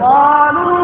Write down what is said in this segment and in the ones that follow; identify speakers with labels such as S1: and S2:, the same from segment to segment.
S1: قالوا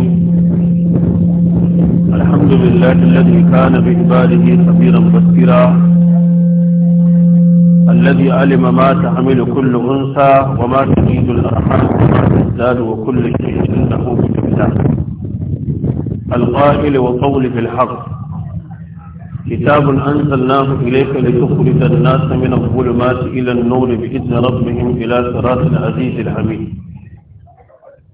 S2: الرجيم الحمد لله الذي كان بإباده خبيرا بسكرا الذي علم ما تحمل كل أنثى وما تجيد الأرحام وما تزداد وكل شيء له بمثال القائل وقول بالحق كتاب أنزلناه إليك لتخرج الناس من الظلمات إلى النور بإذن ربهم إلى سراط العزيز الحميد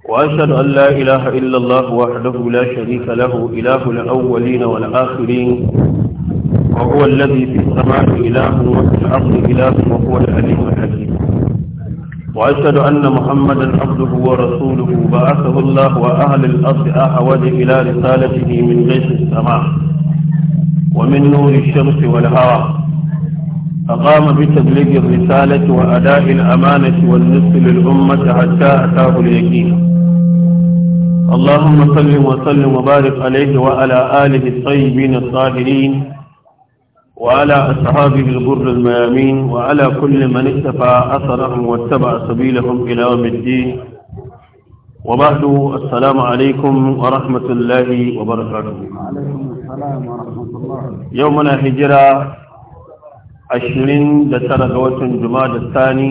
S2: وأشهد أن لا إله إلا الله وحده لا شريك له إله الأولين والآخرين وهو الذي في السماء إله وفي الأرض إله وهو العليم الحكيم وأشهد أن محمدا عبده ورسوله بعثه الله وأهل الأرض أحوج إلى رسالته من غيث السماء ومن نور الشمس والهواء أقام بتبليغ الرسالة وأداء الأمانة والنصف للأمة حتى أتاه اليقين اللهم صل وسلم وبارك عليه وعلى آله الطيبين الطاهرين وعلى أصحابه الغر الميامين وعلى كل من اتبع أثرهم واتبع سبيلهم إلى يوم الدين
S3: وبعد السلام عليكم ورحمة الله
S2: وبركاته وعليكم
S3: السلام ورحمة الله
S2: يومنا هجرة عشرين دسرة وطن جماد الثاني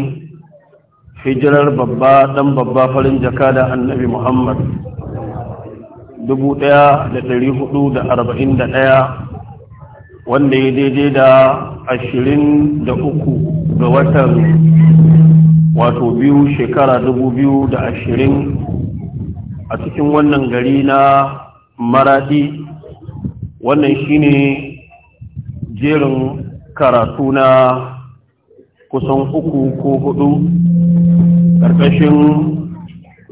S2: هجرة ببا دم ببا فلن jaka النبي محمد dubu ɗaya da ɗari hudu da arba'in da ɗaya wanda ya daidai da ashirin da uku ga watan wato biyu shekara dubu biyu da ashirin a cikin wannan gari na maradi wannan shine jerin karatu na kusan uku ko hudu ƙarƙashin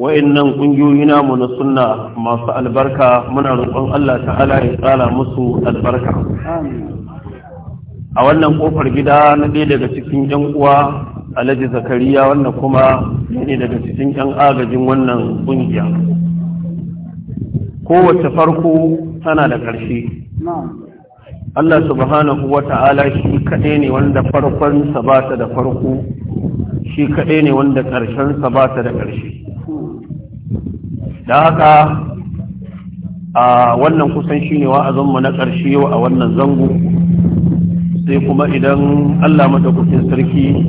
S2: wa'annan kungiyoyi mu na sunna masu albarka muna roƙon Allah ta'ala ya tsara musu albarka a wannan ƙofar gida na ɗaya daga cikin yan uwa Alhaji Zakariya wannan kuma ne daga cikin yan agajin wannan ƙungiya. kowace farko tana da ƙarshe Allah subhanahu wa ta'ala shi kaɗai ne wanda farkon sabata da farko shi kaɗai ne wanda ƙarshen sabata da ƙarshe da haka a wannan kusan shine wa'azinmu na ƙarshe a wannan zango sai kuma idan allah madaukakin sarki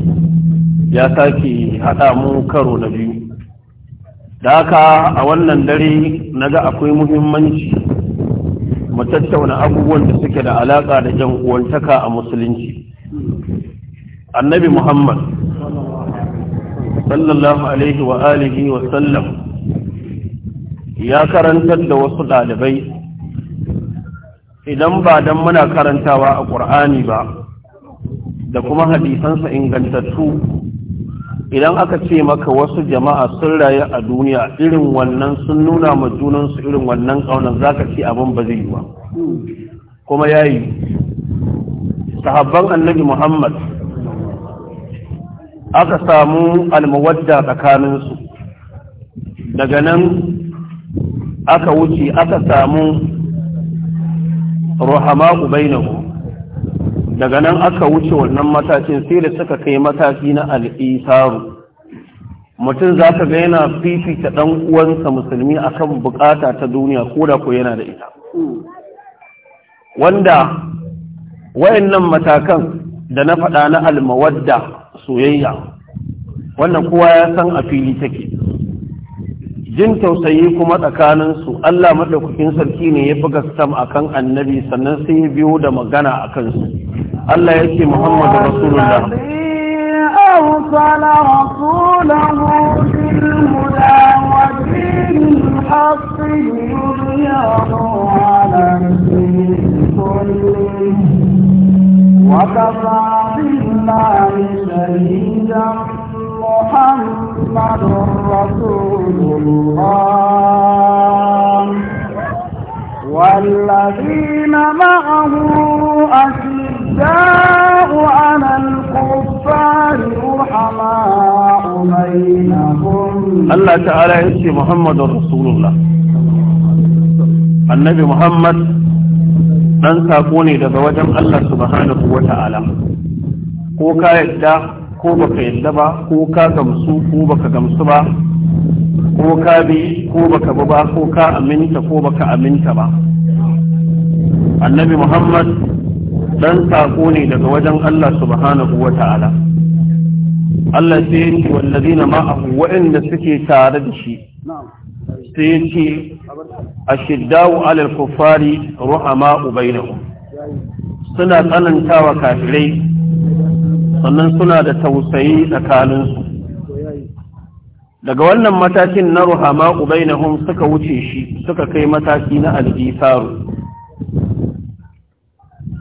S2: ya sake haɗa mu karo na biyu da haka a wannan dare na ga akwai muhimmanci mu tattauna abubuwan da suke da alaƙa da jan uwantaka a musulunci annabi muhammad sallallahu alaihi wa alihi wa sallam ya karantar da wasu ɗalibai idan ba don muna karantawa a ƙur'ani ba da kuma hadisansa ingantattu idan aka ce maka wasu jama'a sun rayu a duniya irin wannan sun nuna ma junansu irin wannan ƙaunar za ka ce abin ba zai yi ba kuma ya yi sahabban annabi muhammad aka samu almawadda tsakaninsu daga nan aka wuce aka samu rahama bainahu daga nan aka wuce wannan matakin sai da suka kai mataki na al'isaru mutum za ka ga yana fifita ɗan uwansa musulmi akan bukata ta duniya ko da ko yana da ita wanda wayannan matakan da na faɗa na almawadda soyayya wannan kowa ya san a fili take jin tausayi kuma tsakanin su Allah madaukakin sarki ne ya fi gaskam a annabi sannan sai ya biyo da magana a kansu Allah ya ce Muhammadu Rasulullah
S1: وكفى بالله شهيدا محمد رسول الله والذين معه أشداء على الكفار رحماء بينهم الله تعالى
S2: يسي محمد رسول الله النبي محمد ننسى كوني دفوجم الله سبحانه وتعالى subhanahu wa ko baka yadda ba ko ka gamsu ko baka gamsu ba ko ka bi ko baka bi ba ko ka aminta ko baka aminta ba annabi muhammad dan sako ne daga wajen allah subhanahu wa ta'ala allah sai yake wallazina ma'ahu wa'anda suke tare da shi sai yake ashiddawu alal kuffari ruhama bainahum suna tsanantawa kafirai sannan suna da tausayi tsakaninsu daga wannan matakin na ruhama ubainahum suka wuce shi suka kai mataki na aljisaru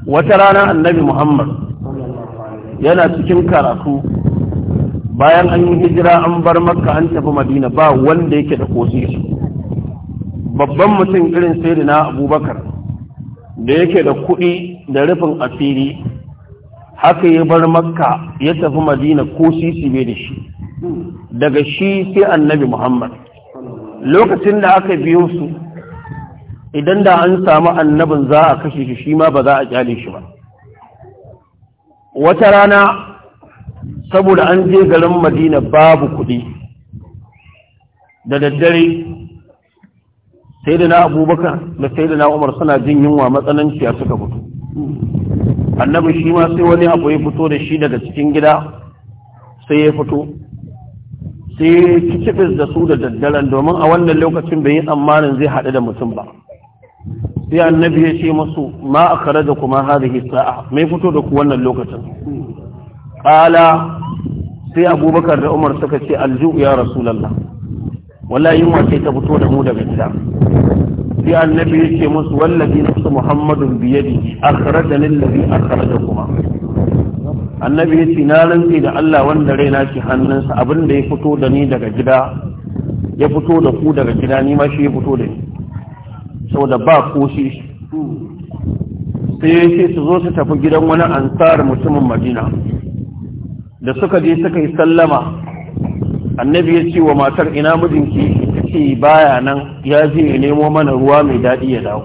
S2: wata rana annabi muhammad yana cikin karatu bayan an yi hijira an bar makka an tafi madina ba wanda yake da kosi babban mutum irin sai abubakar da yake da kuɗi da rufin asiri haka ya bar makka ya tafi madina ko sisi bai da shi daga shi sai annabi muhammad lokacin da aka biyo su idan da an samu annabin za a kashe shi shi ma ba za a kyale shi ba wata rana saboda an je garin madina babu kuɗi da daddare sai da na abubakar da sai da na umar suna jin yunwa matsananciya suka fito annabi shi ma sai wani abu ya fito da shi daga cikin gida sai ya fito sai ya kicibis da su da daddaren domin a wannan lokacin bai yi tsammanin zai haɗu da mutum ba sai annabi ya ce masu ma a kare da kuma hadhihi sa'a mai fito da ku wannan lokacin ƙala sai abubakar da umar suka ce aljihu ya rasulullah wallahi yunwa ce ta fito da mu daga gida sai annabi yake musu wallazi su muhammadun a kare da kuma. annabi ya ce na rantsi da Allah wanda raina ke hannunsa abinda ya fito da ni daga gida ya fito da ku daga gida ni ma shi ya fito da ni saboda ba ko shi sai ya ce su zo su tafi gidan wani ansar mutumin Madina da suka je suka yi sallama annabi ya ce wa matar ina mijinki yake baya nan ya je ya nemo mana ruwa mai daɗi ya dawo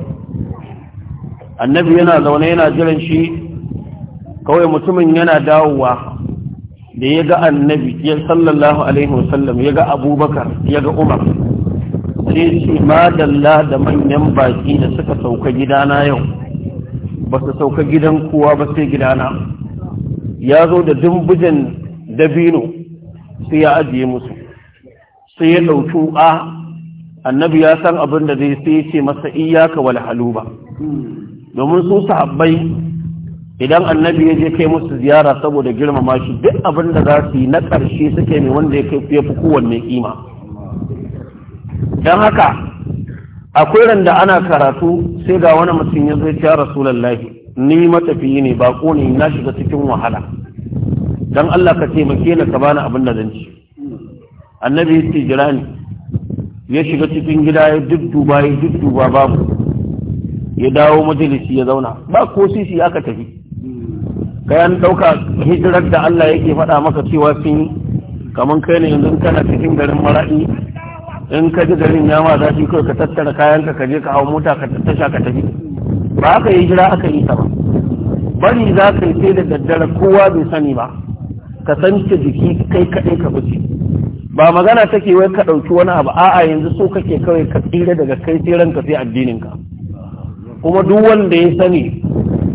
S2: annabi yana zaune yana jiran shi kawai mutumin yana dawowa da ya ga annabi ya sallallahu alaihi wasallam ya ga abubakar ya ga umar sai ce madalla da manyan baki da suka sauka gidana yau ba su sauka gidan kowa ba sai gidana ya zo da dumbujen dabino sai ya ajiye musu sai ya ɗauki a annabi ya san abin da zai sai ce masa iyaka wal ba, domin su sahabbai idan annabi ya je kai musu ziyara saboda girmama shi duk abin da za su yi na ƙarshe suke ne wanda ya fi kowanne kima don haka akwai randa ana karatu sai ga wani mutum ya zai rasu rasulallahi ni matafiyi ne bako ne na shiga cikin wahala don Allah ka taimake ni ka bani abin da zan ci annabi ya ce jira ni ya shiga cikin gida ya duk duba ya duba babu ya dawo majalisi ya zauna ba ko sisi aka tafi kayan ɗauka hijirar da Allah yake faɗa maka cewa sun kamar kai ne yanzu kana cikin garin mara'i in ka ji garin ma za shi ka tattara kayan ka je ka hau mota ka tattasha ka tafi ba aka yi jira aka yi sama. bari za ka yi sai da daddare kowa bai sani ba ka san jiki kai kaɗai ka wuce ba magana take wai ka ɗauki wani abu a'a yanzu so kake kawai ka tsira daga kai sai ranka sai addininka kuma duk wanda ya sani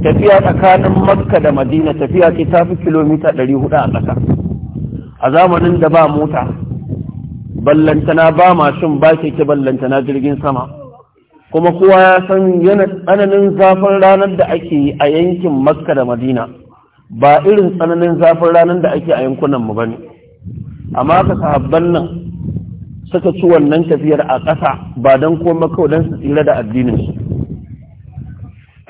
S2: tafiya tsakanin makka da madina tafiya ce tafi fi kilomita 400 a ƙasa a zamanin da ba mota ballantana ba mashin ba ke keke ballantana jirgin sama kuma kowa ya san yana tsananin zafin ranar da ake yi a yankin makka da madina ba irin tsananin zafin ranar da ake a yankunan mu bane amma ka sahabban nan suka ci wannan tafiyar a ƙasa ba don koma kawai don su tsira da addinin su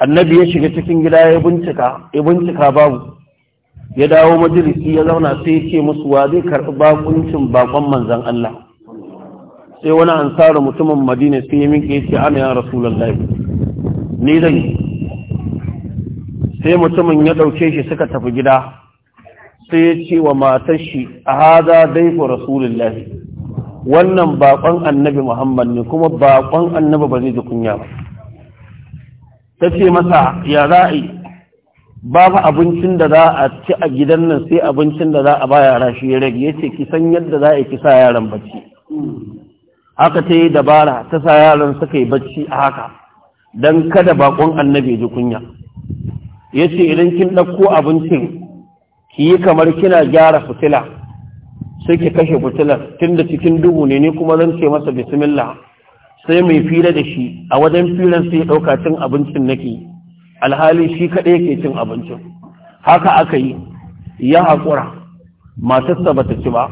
S2: annabi ya shiga cikin gida ya bincika ya bincika babu ya dawo majalisi ya zauna sai ce musu wa zai karɓi bakuncin bakon manzan Allah sai wani ansara mutumin madina sai ya minke ce ana ya rasulullahi ni zan sai mutumin ya ɗauke shi suka tafi gida sai ya ce wa matar shi a haza dai daifu rasulullah wannan bakon annabi muhammad ne kuma bakon annabi ba zai ji kunya ba ta ce masa ya za a yi babu abincin da za a ci a gidan nan sai abincin da za a ba yara shi ya rage ya ce ki san yadda za a yi kisa yaran bacci haka ta yi dabara ta sa yaran suka yi bacci a haka don kada bakon annabi ji kunya ya ce idan kin ɗauko abincin ki yi kamar kina gyara fitila sai ki kashe fitilar tun da cikin duhu ne ni kuma zan ce masa bismillah sai mai fira da shi a wajen firan sai ɗauka cin abincin nake alhali shi kaɗai ke cin abincin haka aka yi ya haƙura matarsa ba ta ci ba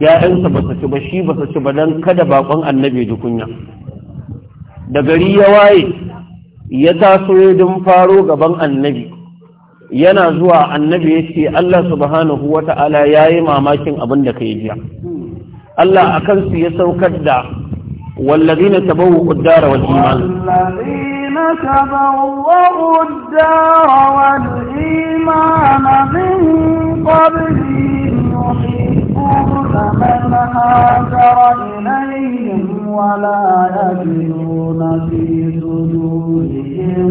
S2: ‘ya'yansa ba ta ci ba shi ba ta ci ba don kada baƙon annabi ji kunya da gari ya waye ya taso ya dun faro gaban annabi yana zuwa annabi ya ce Allah subhanahu wa ta'ala ya yi mamakin abin da ka yi jiya Allah a kansu ya saukar da wallazi na taba wa ƙuddara
S1: wa iman فمن هاجر إليهم ولا يجدون في صدورهم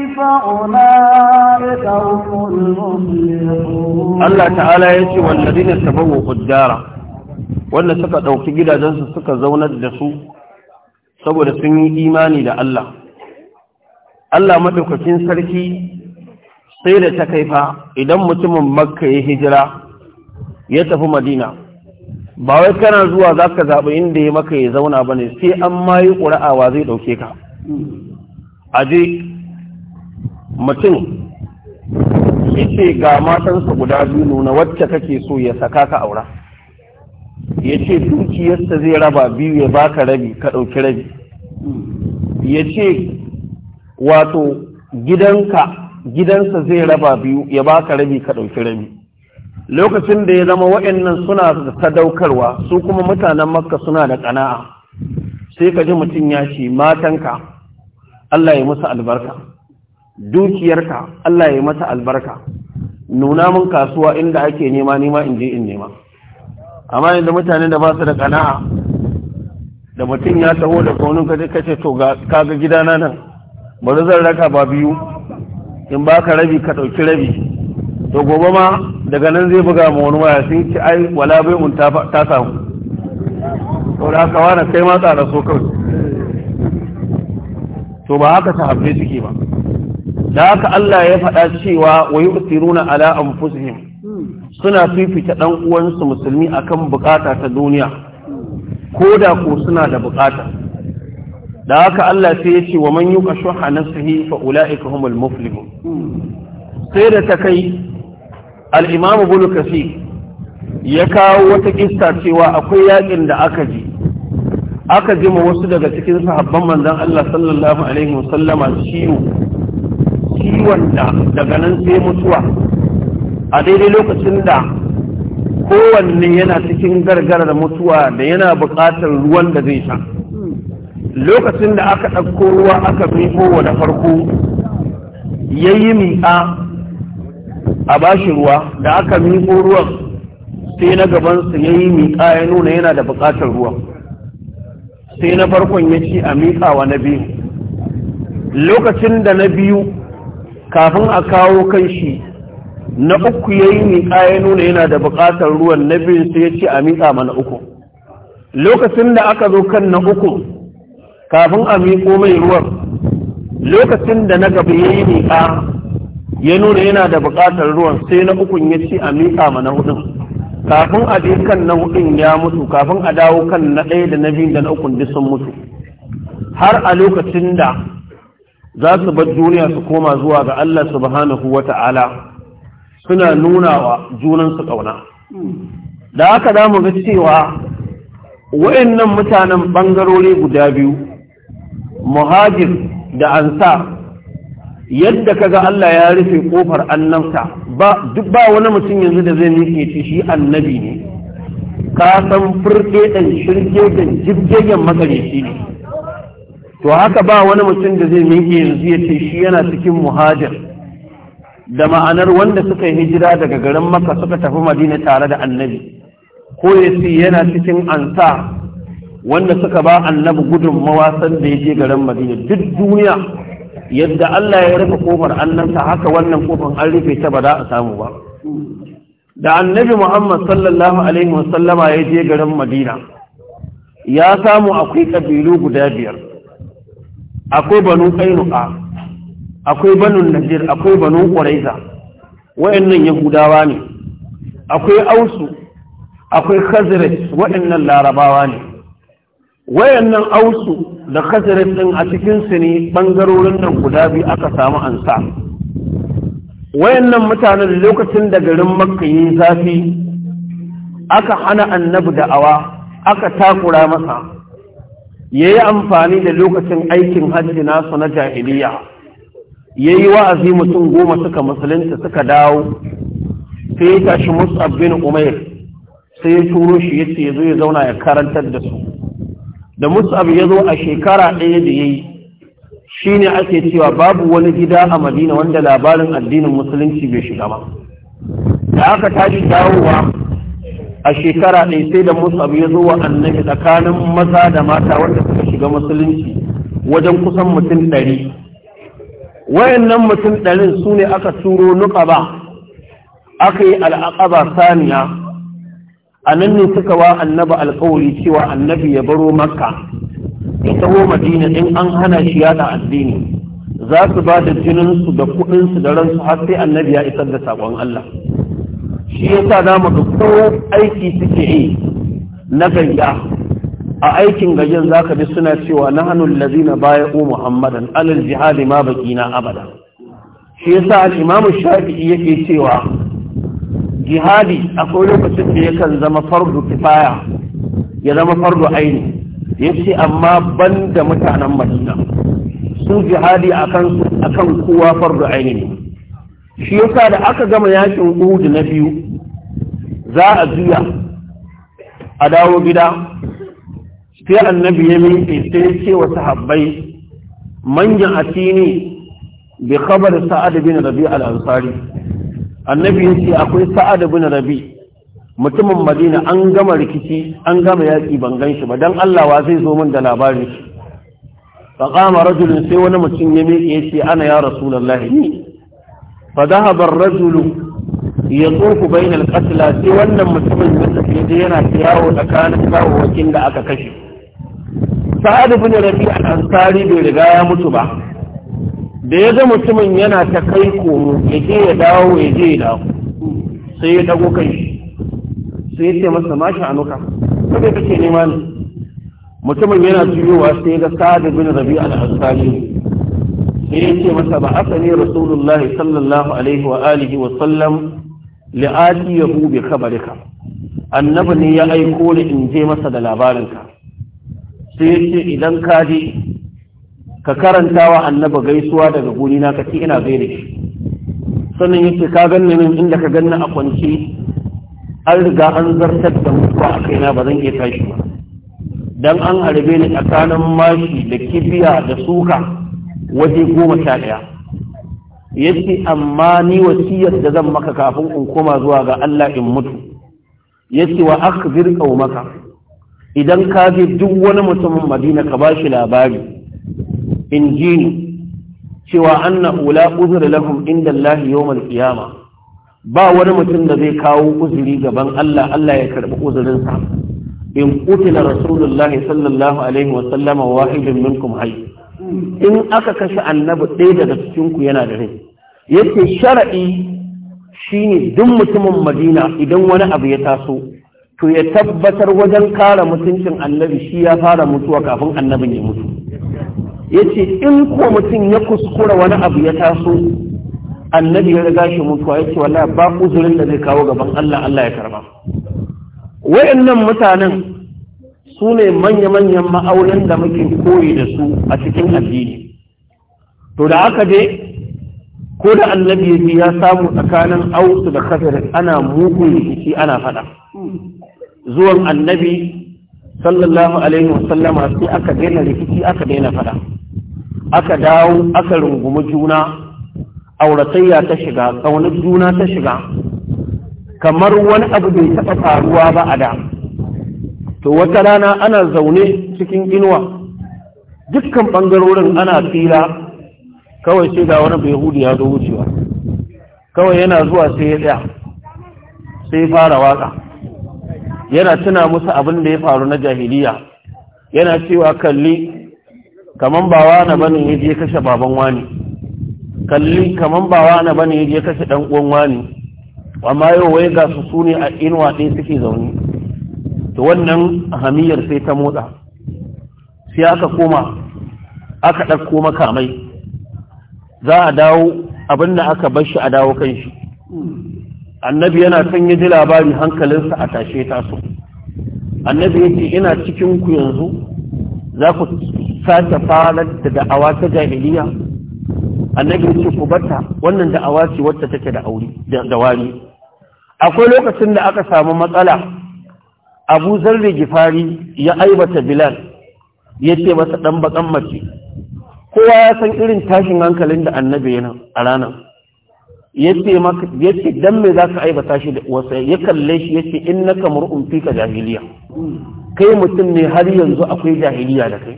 S1: Allah
S2: Ta'ala Ya ce, Wannan يتي والذين تبوقوا wanda suka ɗauki gidajensu suka zaunar da su saboda sun yi imani da Allah Allah maɗaukakin sarki sai da ta kaifa idan mutumin makka ya hijira ya tafi madina ba wai kana zuwa za ka zaɓi inda ya maka ya zauna ba ne sai an mayi ƙura'a wa zai ɗauke ka aje mutum ya ga matansa guda biyu nuna wacce kake so ya saka ka aura ya ce dukiyarsa zai raba biyu ya baka rabi ka ɗauki rabi ya ce wato gidanka gidansa zai raba biyu ya baka rabi ka ɗauki rabi lokacin da ya zama waɗannan suna da sadaukarwa su kuma mutanen makka suna da ƙana'a sai ka ji mutum ya ce matanka Allah ya musu albarka dukiyarka Allah ya yi masa albarka nuna mun kasuwa inda ake nema nema in je in nema amma yanzu mutane da ba su da kana'a da mutum ya taho da kaunin ka kace to ga kaga gidana nan bari zan raka ba biyu in baka rabi ka dauki rabi to gobe ma daga nan zai buga ma wani waya sun ci ai wala bai mun ta samu to da haka wani kai ma tsara so kawai to ba haka hafe suke ba da haka Allah ya faɗa cewa wa yu'thiruna ala anfusihim suna fifita dan uwansu musulmi akan bukata ta duniya ko da ko suna da bukata da haka Allah sai ya ce wa man yuqa shuha nafsihi fa ulaika humul muflihun sai da ta kai al-imam ibn kasir ya kawo wata kista cewa akwai yakin da aka ji aka ji wasu daga cikin sahabban manzon Allah sallallahu alaihi wasallama ciwo ciwon da daga nan sai mutuwa a daidai lokacin da kowanne yana cikin gargarar mutuwa da yana buƙatar ruwan da zai sha lokacin da aka ɗauko ruwa aka miƙo wa da farko ya yi miƙa a bashi ruwa da aka miƙo ruwan sai na gabansa ya yi miƙa ya nuna yana da buƙatar ruwa sai na farkon ya ce a miƙawa na biyu lokacin da na biyu kafin a kawo kan shi na uku ya yi miƙa ya nuna yana da buƙatar ruwan na biyun sai ya ce a miƙa mana uku lokacin da aka zo kan na uku kafin a miƙo mai ruwan lokacin da na gaba ya yi miƙa ya nuna yana da buƙatar ruwan sai na ukun ya ce a miƙa mana hudun kafin a je kan na hudun ya mutu kafin a dawo kan na ɗaya da na biyu da na ukun duk sun mutu har a lokacin da za su bar duniya su koma zuwa ga Allah subhanahu wa ta'ala suna nuna wa junansu ƙauna da aka damu mu ga cewa wayannan mutanen ɓangarori guda biyu muhajir da ansa yadda kaga Allah ya rufe ƙofar annabta ba duk ba wani mutum yanzu da zai nike ce shi annabi ne ka san furke dan shirke dan jibgegen ne to haka ba wani mutum da zai miƙe yanzu ya ce shi yana cikin muhajir da ma'anar wanda suka yi hijira daga garin maka suka tafi madina tare da annabi ko ya ce yana cikin ansa wanda suka ba annabi gudun mawasan da ya je garin madina duk duniya yadda Allah ya rufe kofar annansa haka wannan kofar an rufe ta ba za a samu ba da annabi Muhammad sallallahu alaihi wasallama ya je garin Madina ya samu akwai kabilu guda biyar akwai banu qainuqa akwai banu najir akwai banu quraiza wayannan yahudawa ne akwai ausu akwai khazraj wayannan larabawa ne wayannan ausu da khazraj ɗin a cikin su ne ɓangarorin nan guda biyu aka samu ansa wayannan mutanen lokacin da garin makka yi zafi aka hana annabi da'awa aka takura masa ya yi amfani da lokacin aikin hajji nasu na jahiliya ya yi wa'azi mutum goma suka musulunta suka dawo sai ya tashi musab bin umair sai ya turo shi ya ce ya zo ya zauna ya karantar da su da musab ya zo a shekara ɗaya da ya yi shi ne ake cewa babu wani gida a madina wanda labarin addinin musulunci bai shiga ba da aka tashi dawowa a shekara ɗaya sai da musab ya zo wa annabi tsakanin maza da mata wanda suka shiga musulunci wajen kusan mutum ɗari wayannan mutum ɗarin su ne aka turo nukaba aka yi ba saniya a nan ne suka wa Annabi alƙawari cewa annabi ya baro makka ya taho madina in an hana shi yada addini za su ba da jininsu da kuɗinsu da ransu har sai annabi ya isar da saƙon allah shi yasa za mu ko aiki suke yi na gayya a aikin gajen za ka bi suna cewa na hannun lazina baya u muhammadan alal jihadi ma baki na abada shi yasa al'imamu shafi'i yake cewa jihadi akwai lokacin da yakan zama fardu kifaya ya zama fardu aini ya ce amma ban da mutanen madina su jihadi akan kowa fardu aini ne shi yasa da aka gama yakin Uhud na biyu za a juya a dawo gida sai annabi ya miƙe sai ya ce wa sahabbai manyan atini bi khabar sa'ad bin rabi al-ansari annabi ya ce akwai sa'ad bin rabi mutumin madina an gama rikici an gama yaƙi ban gan shi ba dan Allah wa zai zo min da labari fa qama rajulun sai wani mutum ya miƙe ya ce ana ya rasulullahi ni fa dhahaba ar-rajulu yatufu bayna al sai wannan mutumin ya tafi yana yawo tsakanin gawawakin da aka kashe sa'ad ibn rabi al-ansari bai riga ya mutu ba da ya ga mutumin yana ta kai komo ya je ya dawo ya je ya dawo sai ya dago kai sai ya ce masa mashi anuka kada kake nema ne mutumin yana juyowa sai ga sa'ad ibn rabi al-ansari sai ya masa ba ne rasulullahi sallallahu alaihi wa alihi wa sallam li'ati yahu bi khabarika annabi ne ya aiko ni in je masa da labarinka sai ya ce idan ka je ka karanta wa annabi gaisuwa daga guri na ka ce ina gaida shi sannan yace ka ganni min inda ka ganni a kwance an riga an zartar da mutuwa a kaina ba zan iya tashi ba dan an harbe ni tsakanin mashi da kibiya da suka waje goma sha ɗaya yace amma ni wasiyar da zan maka kafin in koma zuwa ga Allah in mutu yace wa akhbir maka? idan ka je duk wani mutumin Madina ka bashi labari in ji ni cewa anna ula uzra lahum inda Allah yawmal qiyama ba wani mutum da zai kawo uzuri gaban Allah Allah ya karbi uzurin sa in qutila rasulullahi sallallahu alaihi wa sallama wahidun minkum hayy in aka kashe annabi ɗaya daga cikinku yana da rai yace shar'i shine duk mutumin Madina idan wani abu ya taso to ya tabbatar wajen kare mutuncin annabi shi ya fara mutuwa kafin annabin ya mutu yace in ko mutum ya kuskura wani abu ya taso annabi ya riga shi mutuwa yace wallahi ba uzurin da zai kawo gaban Allah Allah ya karba wayannan mutanen su ne manya-manyan ma'aunin da muke koyi da su a cikin addini to da aka dai ko da annabi ya samu tsakanin ausu da kafir ana mugun rikici ana fada zuwan annabi sallallahu alaihi wasallama sai aka daina rikici aka daina fada aka dawo aka rungumi juna auratayya ta shiga ƙaunar juna ta shiga kamar wani abu bai taɓa faruwa ba a da to wata rana ana zaune cikin inuwa dukkan ɓangarorin ana tsira kawai sai ga wani behudu ya zo wucewa kawai yana zuwa sai ya tsaya sai fara waka yana tuna musu abin da ya faru na jahiliya yana cewa kalli kaman ba wani bane ya je kashe baban wani kalli kaman ba wani bane ya je kashe dan uwan wani amma yau wai ga su sune a inuwa ɗaya suke zaune da wannan hamiyar sai ta motsa sai aka koma aka ɗauko makamai za a dawo abinda aka bar shi a dawo kan shi annabi yana kan yi ji labari hankalinsa a tashe taso annabi ya ce ina cikinku yanzu za ku sake fara da da'awa ta jahiliya annabi ya ce ku bata wannan da'awa ce wacce take da wari akwai lokacin da aka samu matsala abu zarri gifari ya aibata bilal ya ce masa ɗan baƙan mace kowa ya san irin tashin hankalin da annabi yana a ranar ya ce dan me za ka aibata shi da wasa ya kalle shi ya ce in na kamar umfi ka jahiliya kai mutum ne har yanzu akwai jahiliya da kai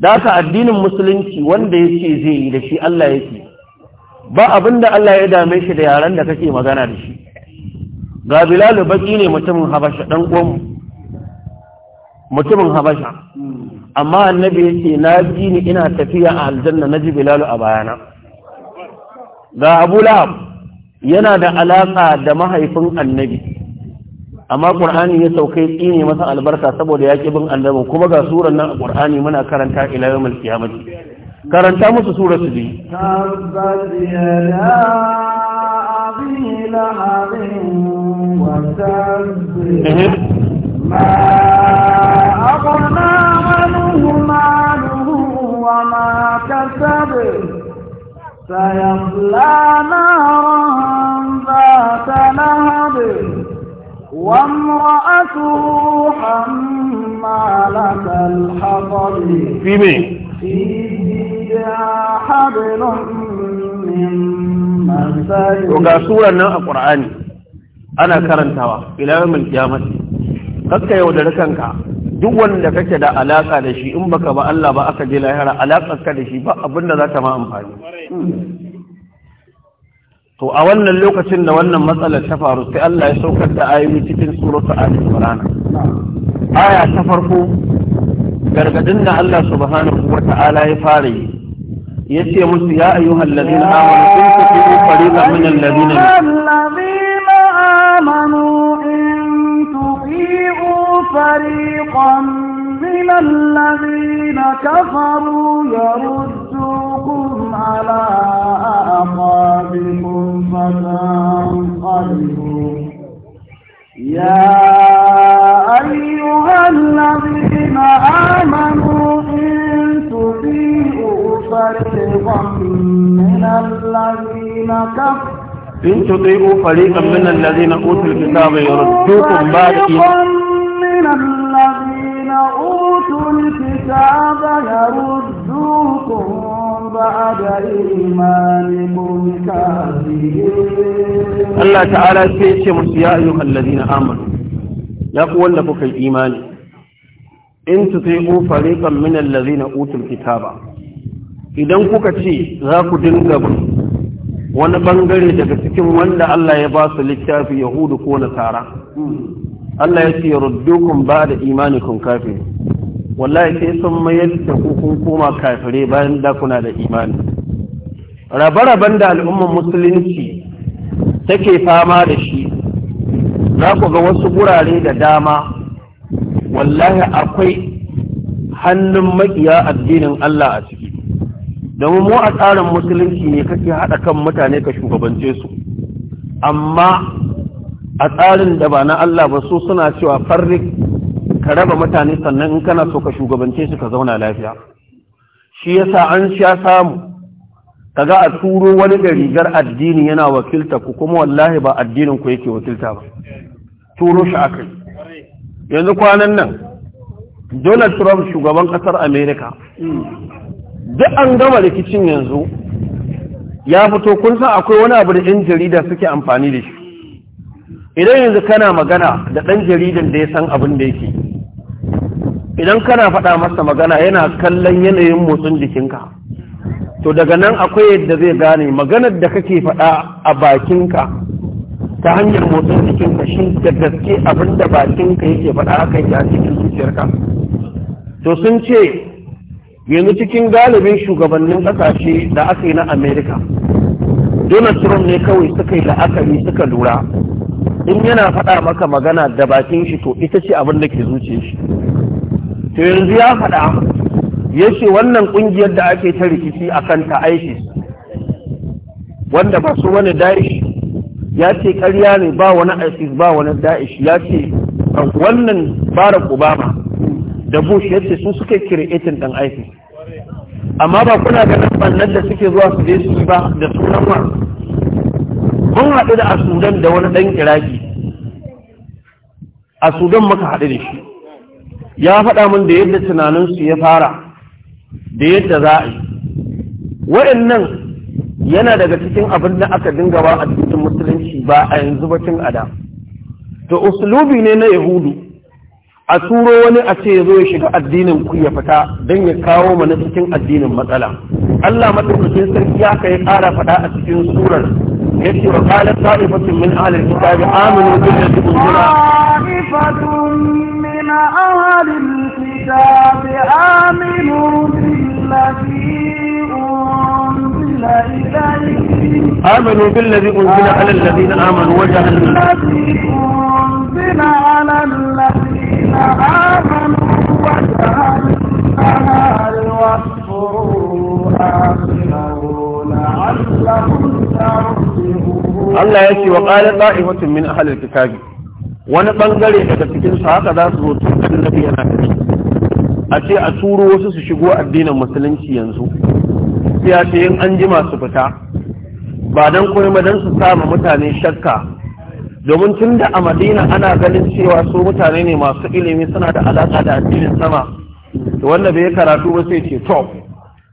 S2: da haka addinin musulunci wanda ya ce zai yi da shi Allah ya ce ba abin da Allah ya dame shi da yaran da kake magana da shi ga bilalu baki ne mutumin habasha dan uwan mutumin habasha amma annabi yace na ji ni ina tafiya a aljanna na ji bilalu a bayana ga abu lahab yana da alaka da mahaifin annabi amma Al-ƙur'ani ya saukai tsine masa albarka saboda ya bin annabi kuma ga suran nan a qur'ani muna karanta ila yawmil qiyamah karanta musu surar su bi
S1: أبي لهب وتب ما أغنى عنه ماله وما كسب سيصلى نارا ذات لهب وامرأته حمالة
S2: الحطب في بيت
S1: في جيدها حبل to ga suran
S2: nan a ƙur'ani ana karantawa ila yawmil qiyamah kakka yaudari kanka duk wanda kake da alaka da shi in baka ba Allah ba aka je lahira alakar ka da shi ba abinda da za ta ma amfani to a wannan lokacin da wannan matsalar ta faru sai Allah ya saukar da ayoyi cikin suratu al Imran aya ta farko gargadin da Allah subhanahu wata'ala ya fara yi يتي مسي يا أيها الذين آمنوا تنفقوا فريقا من الذين
S1: آمنوا إن تطيعوا فريقا من الذين كفروا يردوكم على أعقابكم فتنقلبوا يا أيها الذين آمنوا إن تطيعوا فريقا من الذين كفروا
S2: إن تطيعوا فريقا من الذين أوتوا الكتاب يردوكم بعد
S1: من الذين أوتوا الكتاب يردوكم بعد إيمانكم كافرين الله تعالى سيشم يا
S2: أيها الذين آمنوا يقول لكم في الإيمان إن تطيعوا فريقا من الذين أوتوا الكتاب idan kuka ce za ku dinga wani bangare daga cikin wanda Allah ya ba su littafi yahudu ko nasara Allah ya ce ruddukum ba da kun kafe wallahi sai sun mayar da ku kun koma kafire bayan da kuna da imani rabe-raben da al'ummar musulunci take fama da shi za ku ga wasu gurare da dama wallahi akwai hannun makiya addinin Allah a ciki domin mu a tsarin musulunci ne kake haɗa kan mutane ka shugabance su amma a tsarin da ba na Allah ba su suna cewa farrik ka raba mutane sannan in kana so ka shugabance su ka zauna lafiya shi yasa an sha samu kaga a turo wani da rigar addini yana wakilta ku kuma wallahi ba addinin ku yake wakilta ba turo shi akai yanzu kwanan nan Donald Trump shugaban kasar Amerika. duk an gama rikicin yanzu ya fito kun san akwai wani abu da ɗan jarida suke amfani da shi idan yanzu kana magana da ɗan jaridan da ya san abin da yake idan kana faɗa masa magana yana kallon yanayin motsin jikinka to daga nan akwai yadda zai gane maganar da kake faɗa a bakinka ta hanyar motsin jikinka shi da gaske abin da bakinka yake faɗa kan ya cikin zuciyarka to sun ce yanzu cikin galibin shugabannin ƙasashe da aka yi na amerika donald trump ne kawai suka yi la'akari suka lura in yana faɗa maka magana da bakin shi to ita ce abin da ke zuce shi to yanzu ya faɗa ya ce wannan ƙungiyar da ake ta rikici a kan ta isis wanda ba su wani da'ish ya ce ƙarya ne ba wani isis ba wani da'ish ya ce wannan barak obama da bush ya ce su suka kiritin ɗan isis amma ba kuna ganin bannan da suke zuwa su je ba da sunan wa mun haɗu da a sudan da wani ɗan iraki a sudan muka haɗu da shi ya faɗa min da yadda tunaninsu ya fara da yadda za a yi waɗannan yana daga cikin abin da aka dinga ba a cikin musulunci ba a yanzu bacin ada to uslubi ne na yahudu a turo wani a ce zo ya shiga addinin ku ya fita don ya kawo mana cikin addinin matsala Allah madaukakin sarki ya kai ƙara fada a cikin surar yace wa qala ta'ifatun min ahli al-kitabi amanu billadhi unzila
S1: ta'ifatun min ahli al-kitabi amanu billadhi آمنوا
S2: بالذي أنزل على الذين آمنوا وجه الذي
S1: أنزل على Allah ya ce wa ƙalar
S2: ɗa'ifatun min ahalar kitabi wani ɓangare daga cikin su haka za su zo tun annabi yana da a ce a turo wasu su shigo addinin musulunci yanzu sai a an jima su fita ba don kuma don su sama mutane shakka domin tun da a madina ana ganin cewa su mutane ne masu ilimi suna da alaƙa da addinin sama to wanda bai karatu ba sai ce to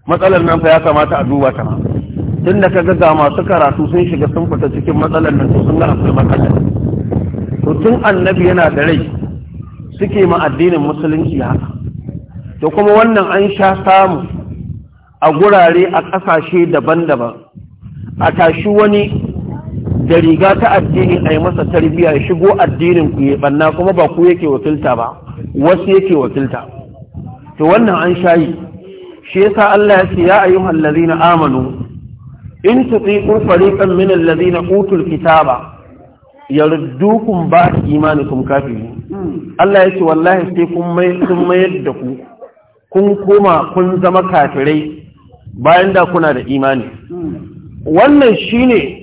S2: matsalar nan fa ya kamata a duba ta tun da kaga ga masu karatu sun shiga sun fita cikin matsalar nan to sun ga akwai matsalar to tun annabi yana da rai suke ma addinin musulunci haka to kuma wannan an sha samu a gurare a ƙasashe daban-daban a tashi wani da riga ta addini a yi masa tarbiyya ya shigo addinin ku ya banna kuma ba ku yake wakilta ba wasu yake wakilta to wannan an shayi shi yasa Allah ya ce ya ayyuhal ladina amanu in tuti'u fariqan min alladhina utul kitaba yardukum ba imanikum kafirin Allah ya ce wallahi sai kun mai sun mayar da ku kun koma kun zama kafirai bayan da kuna da imani wannan shine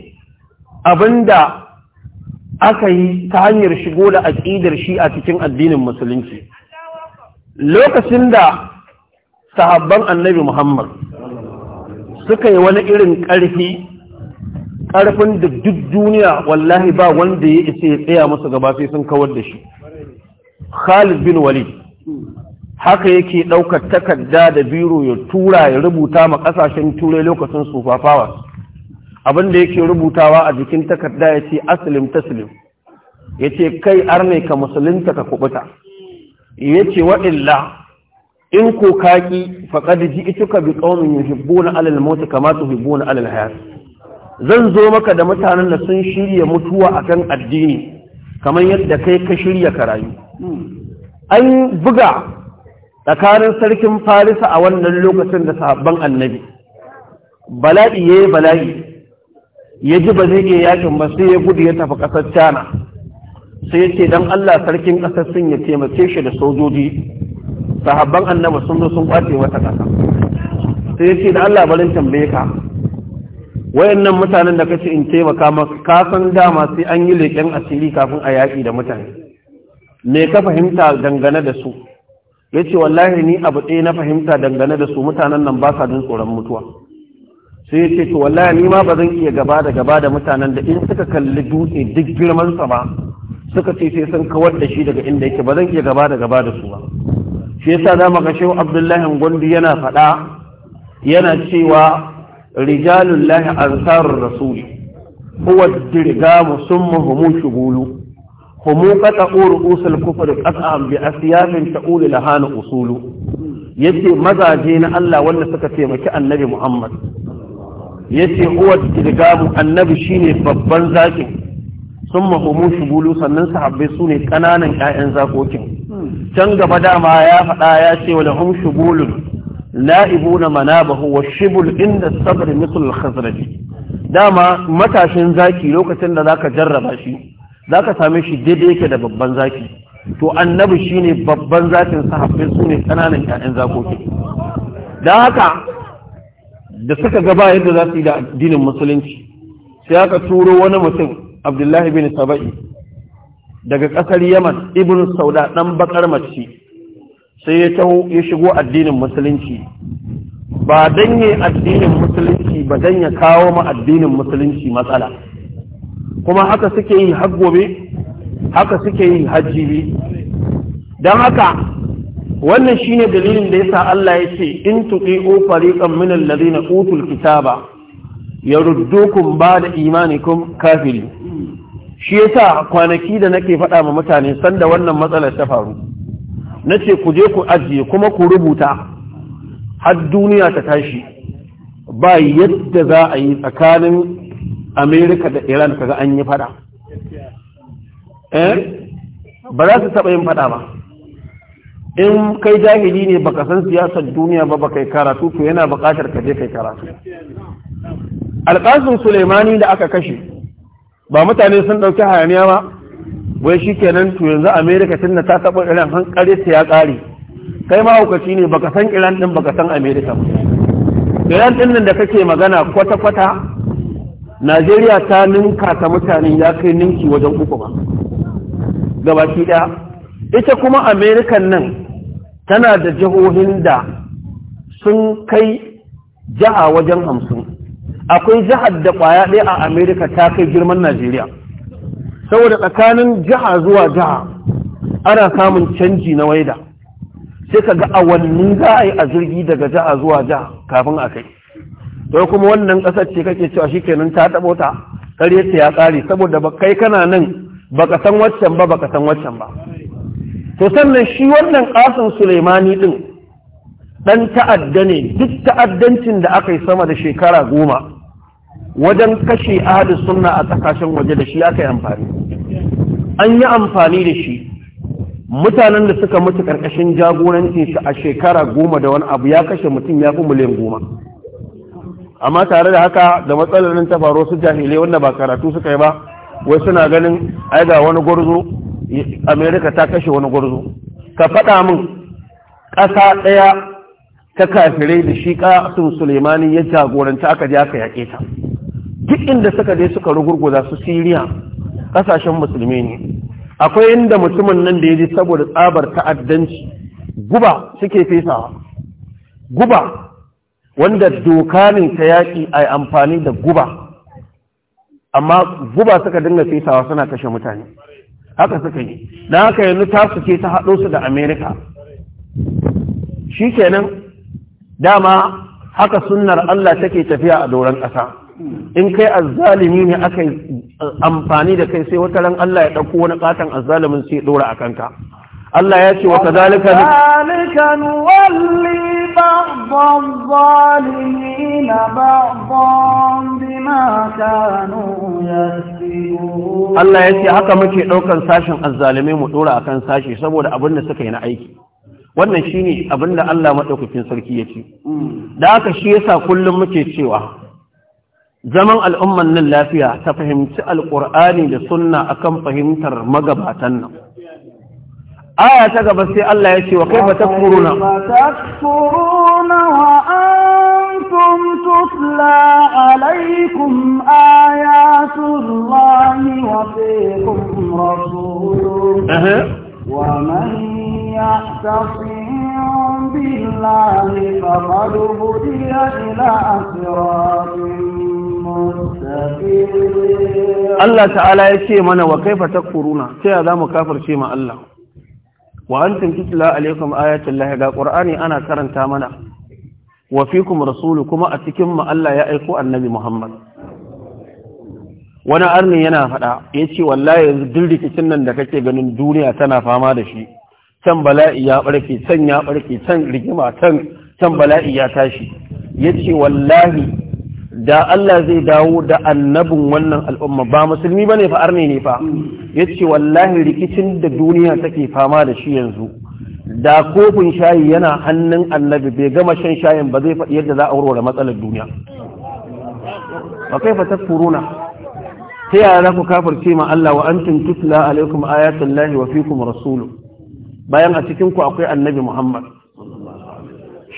S2: abinda aka yi ta hanyar shigo da aƙidar shi a cikin addinin musulunci lokacin da sahabban annabi muhammad suka yi wani irin ƙarfi ƙarfin da duk duniya wallahi ba wanda ya isa ya tsaya musu gaba sai sun kawar da shi khalid bin walid haka yake ɗaukar takarda da biro ya tura ya rubuta ma ƙasashen turai lokacin sufafawa abin da yake rubutawa a jikin takarda ya ce aslim taslim ya ce kai arne ka musulunta ka kubuta ya ce wa'illa in ko kaki faƙad ji ka bi ƙaunin hibbo na alal mota kama su hibbo na alal hayar zan zo maka da mutanen da sun shirya mutuwa akan addini kamar yadda kai ka shirya ka rayu an buga tsakanin sarkin farisa a wannan lokacin da sahabban annabi bala'i ya yi bala'i ya ji ba zai iya yakin ba sai ya gudu ya tafi ƙasar Cana sai ya ce don Allah sarkin ƙasar sun ya taimake shi da sojoji sahabban annaba sun zo sun kwace wata ƙasa sai ya ce da Allah barin tambaye ka wayannan mutanen da kace in taimaka maka ka san dama sai an yi leƙen asiri kafin a yaƙi da mutane me ka fahimta dangane da su ya ce wallahi ni abu ɗaya na fahimta dangane da su mutanen nan ba sa jin tsoron mutuwa sai ya ce to wallahi ni ma ba zan iya gaba da gaba da mutanen da in suka kalli dutse duk girman sa ba suka ce sai sun kawar da shi daga inda yake ba zan iya gaba da gaba da su ba shi yasa za mu ga shehu abdullahi gondi yana faɗa yana cewa rijalullahi ansarur rasul huwa dirgamu summuhum shugulu هم قطعوا رؤوس الكفر قطعا بأسياف تقول لها أصول mazaje na Allah wanda suka taimaki annabi Muhammad. yace huwa tilgamu annabi shine babban zakin sun mahumu shubulu sannan sahabbai su ne ƙananan 'ya'yan zakokin can gaba dama ya faɗa ya ce wa lahum shubulun la'ibuna manabahu wa shibul inda sabr misl al dama matashin zaki lokacin da zaka jarraba shi zaka same shi daidai yake da babban zaki to annabi shine babban zakin sahabbai su ne ƙananan 'ya'yan zakokin dan haka da suka gaba yadda za su yi da addinin musulunci sai aka turo wani mutum abdullahi bin saba'i daga ƙasar yaman ibn sauda ɗan bakar mace sai ya taho ya shigo addinin musulunci ba danye addinin musulunci ba dan ya kawo ma addinin musulunci matsala kuma haka suke yi har haka suke yi hajjibi don haka wannan shine dalilin da yasa Allah ya ce in tuqiu fariqan min alladhina utul kitaba yaruddukum ba'da imanikum kafiri shi yasa kwanaki da nake faɗa ma mutane sanda wannan matsalar ta faru nace ku je ku ajiye kuma ku rubuta har duniya ta tashi ba yadda za a yi tsakanin Amerika da Iran kaga an yi faɗa. eh ba za su taɓa yin faɗa ba in kai jahili ne baka san siyasar duniya ba baka karatu to yana buƙatar ka je kai karatu alkasun sulaimani da aka kashe ba mutane sun ɗauki hayaniya ba wai shi kenan to yanzu amerika tun da ta taɓa iran hankali ta ya kare kai mahaukaci ne baka san iran din baka san amerika ba iran ɗin da kake magana kwata-kwata najeriya ta ninka ta mutane ya kai ninki wajen uku ba gabaki ɗaya ita kuma amerikan nan tana da jihohin da sun kai jiha wajen hamsin akwai jihar da ƙwaya ɗaya a amerika ta kai girman najeriya saboda tsakanin jiha zuwa jiha ana samun canji na waida sai ka ga awannin za a yi a jirgi daga jiha zuwa jiha kafin a kai sai kuma wannan ƙasar ce kake cewa shikenan ta taɓo ta ƙarye ta ya ƙare saboda ba kai kana nan baka san waccan ba baka san waccan ba to sannan shi wannan ƙasan sulaimani ɗin ɗan ta'adda ne duk ta'addancin da aka yi sama da shekara goma wajen kashe ahadu sunna a tsakashin waje da shi aka yi amfani an yi amfani da shi mutanen da suka mutu ƙarƙashin jagorancin a shekara goma da wani abu ya kashe mutum ya fi miliyan goma amma tare da haka da matsalolin ta faru su jahilai wanda ba karatu suka yi ba wai suna ganin ai ga wani gwarzo amerika ta kashe wani gwarzo ka faɗa min ƙasa ɗaya ta kafirai da shi ƙasun sulemani ya jagoranta aka je aka yaƙe ta duk inda suka je suka rugurguza su siriya ƙasashen musulmi ne akwai inda mutumin nan da ya ji saboda tsabar ta'addanci guba suke fesawa guba wanda doka ne ta yaƙi a amfani da guba amma guba suka dinga fesawa suna kashe mutane haka suka yi da haka yanzu tasu ce ta haɗo su da amerika shi kenan dama haka sunnar allah take tafiya a doron ƙasa in kai azzalimi ne aka amfani da kai sai wata ran allah ya ɗauko wani ƙaton azzalimin sai ya ɗora a kanka Allah ya ce wa zalika
S1: nuwalli
S2: Allah ya ce haka muke ɗaukan sashen azzalumai mu ɗora akan sashe, saboda abin da suka yi na aiki wannan ne abin da Allah maɗaukakin sarki ya ce da haka shi yasa kullum muke cewa zaman al'umman nan lafiya ta fahimci alƙur'ani da sunna akan fahimtar magabatan nan aya ta gaba sai Allah ya ce wa kaifa takfuruna
S1: takfuruna wa antum tutla wa ومن يعتصم بالله فقد هدي إلى صراط Allah ta'ala ya ce mana wa
S2: kaifa takfuruna sai za mu kafirce ma Allah wa antum tutla alaikum ayatul lahi ga qur'ani ana karanta mana wa fikum rasulu kuma a cikin mu Allah ya aiko annabi Muhammad wani arni yana faɗa ya ce wallahi yanzu duk rikicin nan da kake ganin duniya tana fama da shi can bala'i ya ɓarke can ya ɓarke can rigima can can bala'i ya tashi ya ce wallahi da Allah zai dawo da annabin wannan al'umma ba musulmi bane fa arne ne fa yace wallahi rikicin da duniya take fama da shi yanzu da kofin shayi yana hannun annabi bai gama shan shayin ba zai faɗi yadda za a warware matsalar duniya wa kaifa tafuruna ta yaya za ku kafirce ma Allah wa antum tutla alaikum ayatul lahi wa fikum rasulu bayan a cikin ku akwai annabi Muhammad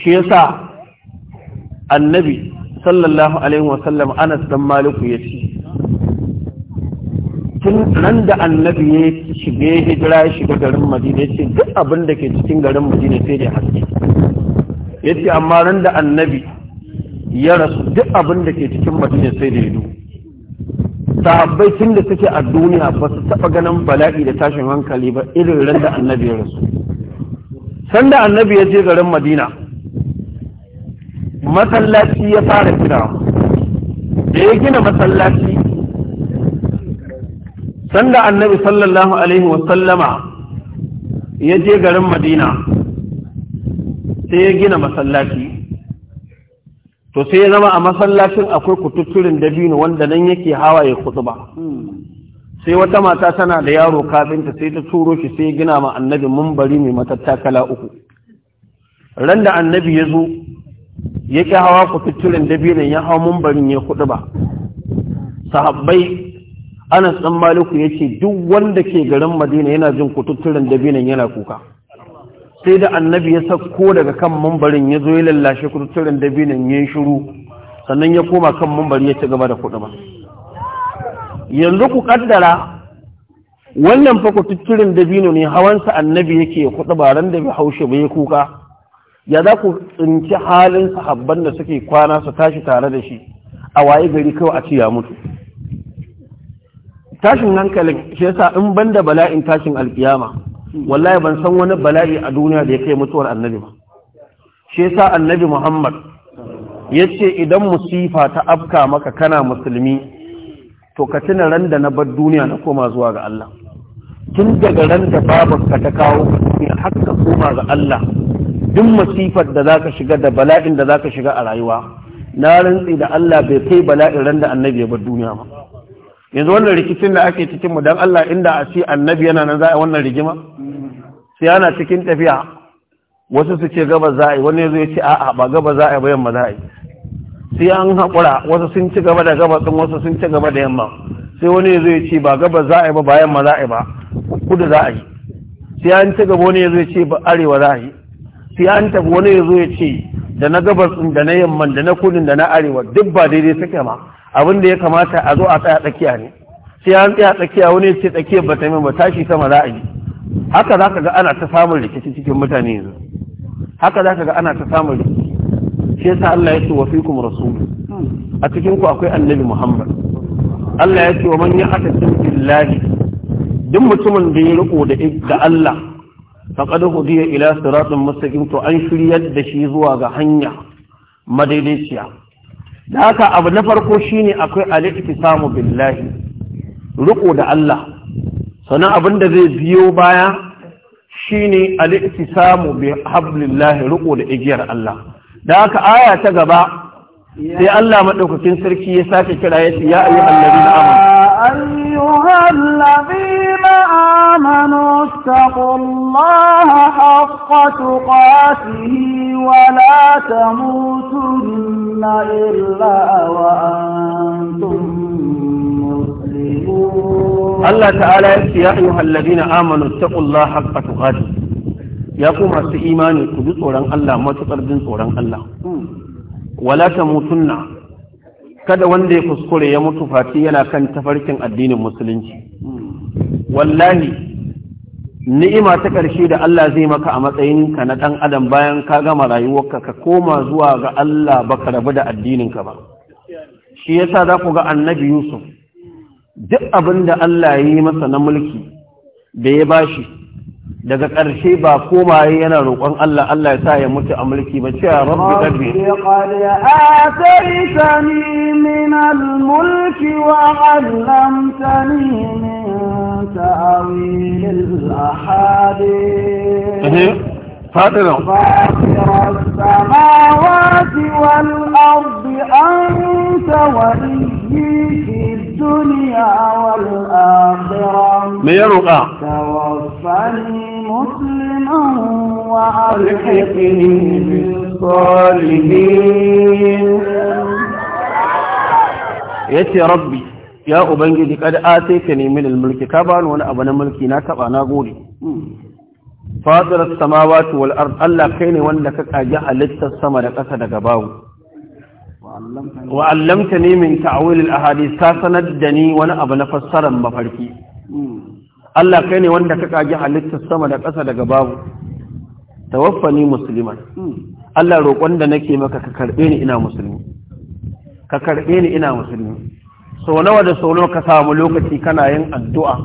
S2: shi yasa annabi sallallahu alaihi wasallam anas dan maliku ya ce tun nan da annabi ya shige hijira ya shiga garin madina ya ce duk abin da ke cikin garin madina sai da haske ya ce amma nan da annabi ya rasu duk abin da ke cikin madina sai da yadu sahabbai tun da suke a duniya ba su taɓa ganin bala'i da tashin hankali ba irin ran da annabi ya rasu sanda annabi ya je garin madina masallaci ya fara gina da ya gina masallaci sanda annabi sallallahu alaihi wasallama ya je garin madina sai ya gina masallaci to sai ya zama a masallacin akwai kututturin dabino wanda nan yake hawa ya kutu ba sai wata mata tana da yaro kafinta sai ta turo shi sai gina ma annabi mumbari mai matattakala uku ran da annabi ya zo ya hawa kututturen dabinin ya hau mumbarin ya kuɗi ba sahabbai anas ɗan maliku ya ce duk wanda ke garin madina yana jin kututturen dabinin yana kuka sai da annabi ya sauko daga kan mumbarin ya zo ya lallashe kututturen dabinin ya yi shiru sannan ya koma kan mumbari ya ci gaba da kuɗi ba yanzu ku kaddara wannan fa kututturen dabino ne hawansa annabi yake kuɗi ba ran da bai haushe ba ya kuka ya za ku tsinci halin sahabban da suke kwana su tashi tare da shi a waye gari kawai a ce ya mutu tashin hankalin shi yasa in ban da bala'in tashin alkiyama wallahi ban san wani bala'i a duniya da ya kai mutuwar annabi ba shi yasa annabi muhammad ya ce idan musifa ta afka maka kana musulmi to ka tuna ran da na bar duniya na koma zuwa ga Allah tun daga ran da babanka ta kawo duniya har ka koma ga Allah duk masifar da za ka shiga da bala'in da za ka shiga a rayuwa na rantsi da Allah bai kai bala'in ran da annabi ya bar duniya ba yanzu wannan rikicin da ake cikin mu dan Allah inda a ce annabi yana nan za a wannan rigima sai ana cikin tafiya wasu su ce gaba za a yi wani yazo ya ce a'a ba gaba za a yi ba yamma za a yi sai an haƙura wasu sun ci gaba da gaba sun wasu sun ci gaba da yamma sai wani yazo ya ce ba gaba za a yi ba ba yamma za a yi ba kudu za a yi sai an ci gaba wani yazo ya ce ba arewa za a yi sai an tafi wani ya zo ya ce da na gabas ɗin da na yamman da na kudin da na arewa duk ba daidai suke ma abin da ya kamata a zo a tsaya tsakiya ne sai an tsaya tsakiya wani ya ce tsakiya ba ta ba tashi sama za a yi haka za ka ga ana ta samun rikici cikin mutane yanzu haka za ka ga ana ta samun rikici shi yasa Allah ya ce wa fikum rasul a cikin ku akwai annabi Muhammad Allah ya ce wa man ya'tasim billahi duk mutumin da ya riko da Allah faqad hudiya ila siratin mustaqim to an shirya da shi zuwa ga hanya madaidaiciya da haka abu na farko shine akwai al-ittisamu billahi riko da Allah sannan abin da zai biyo baya shine al-ittisamu bi hablillahi riko da igiyar Allah da haka aya ta gaba sai Allah madaukakin sarki ya sake kira ya ya ayyuhal ladina amanu
S1: أيها الذين آمنوا اتقوا الله حق تقاته ولا تموتن إلا وأنتم مسلمون الله تعالى يا أيها الذين
S2: آمنوا اتقوا الله حق تقاته يا قوم إيماني كدوت ورن الله ما تقربين ورن الله ولا تموتن kada wanda ya kuskure ya mutu fati yana kan tafarkin addinin musulunci wallahi ni'ima ta ƙarshe da Allah zai maka a matsayin ka na ɗan adam bayan ka gama rayuwarka ka koma zuwa ga Allah baka rabu da addininka ba shi yasa za ku ga annabi Yusuf duk abin da Allah ya yi masa na mulki da ya bashi daga ƙarshe ba komaye yana roƙon Allah Allah ya sa ya mutu a mulki ba cewa rabbi rabbi
S1: qad ataitani min al-mulki wa 'allamtani min ta'wil al-ahadith فاطر السماوات والأرض أنت ولي تؤتي في الدنيا والآخرة من
S3: yace
S2: rabbi ya ubangiji kada a ni min mulki ka bani wani abu na mulki na taɓa na gode Fadar samawa wal ard Allah kai ne wanda ka kaji halittar sama da ƙasa daga bawu wa allamta ne min ta'awil al ahadi ka sanar da ni wani abu na fassarar mafarki Allah kai ne wanda ka kaji halittar sama da ƙasa daga babu tawaffani musliman Allah roƙon da nake maka ka karɓe ni ina musulmi ka karɓe ni ina musulmi sau nawa da sau ka samu lokaci kana yin addu'a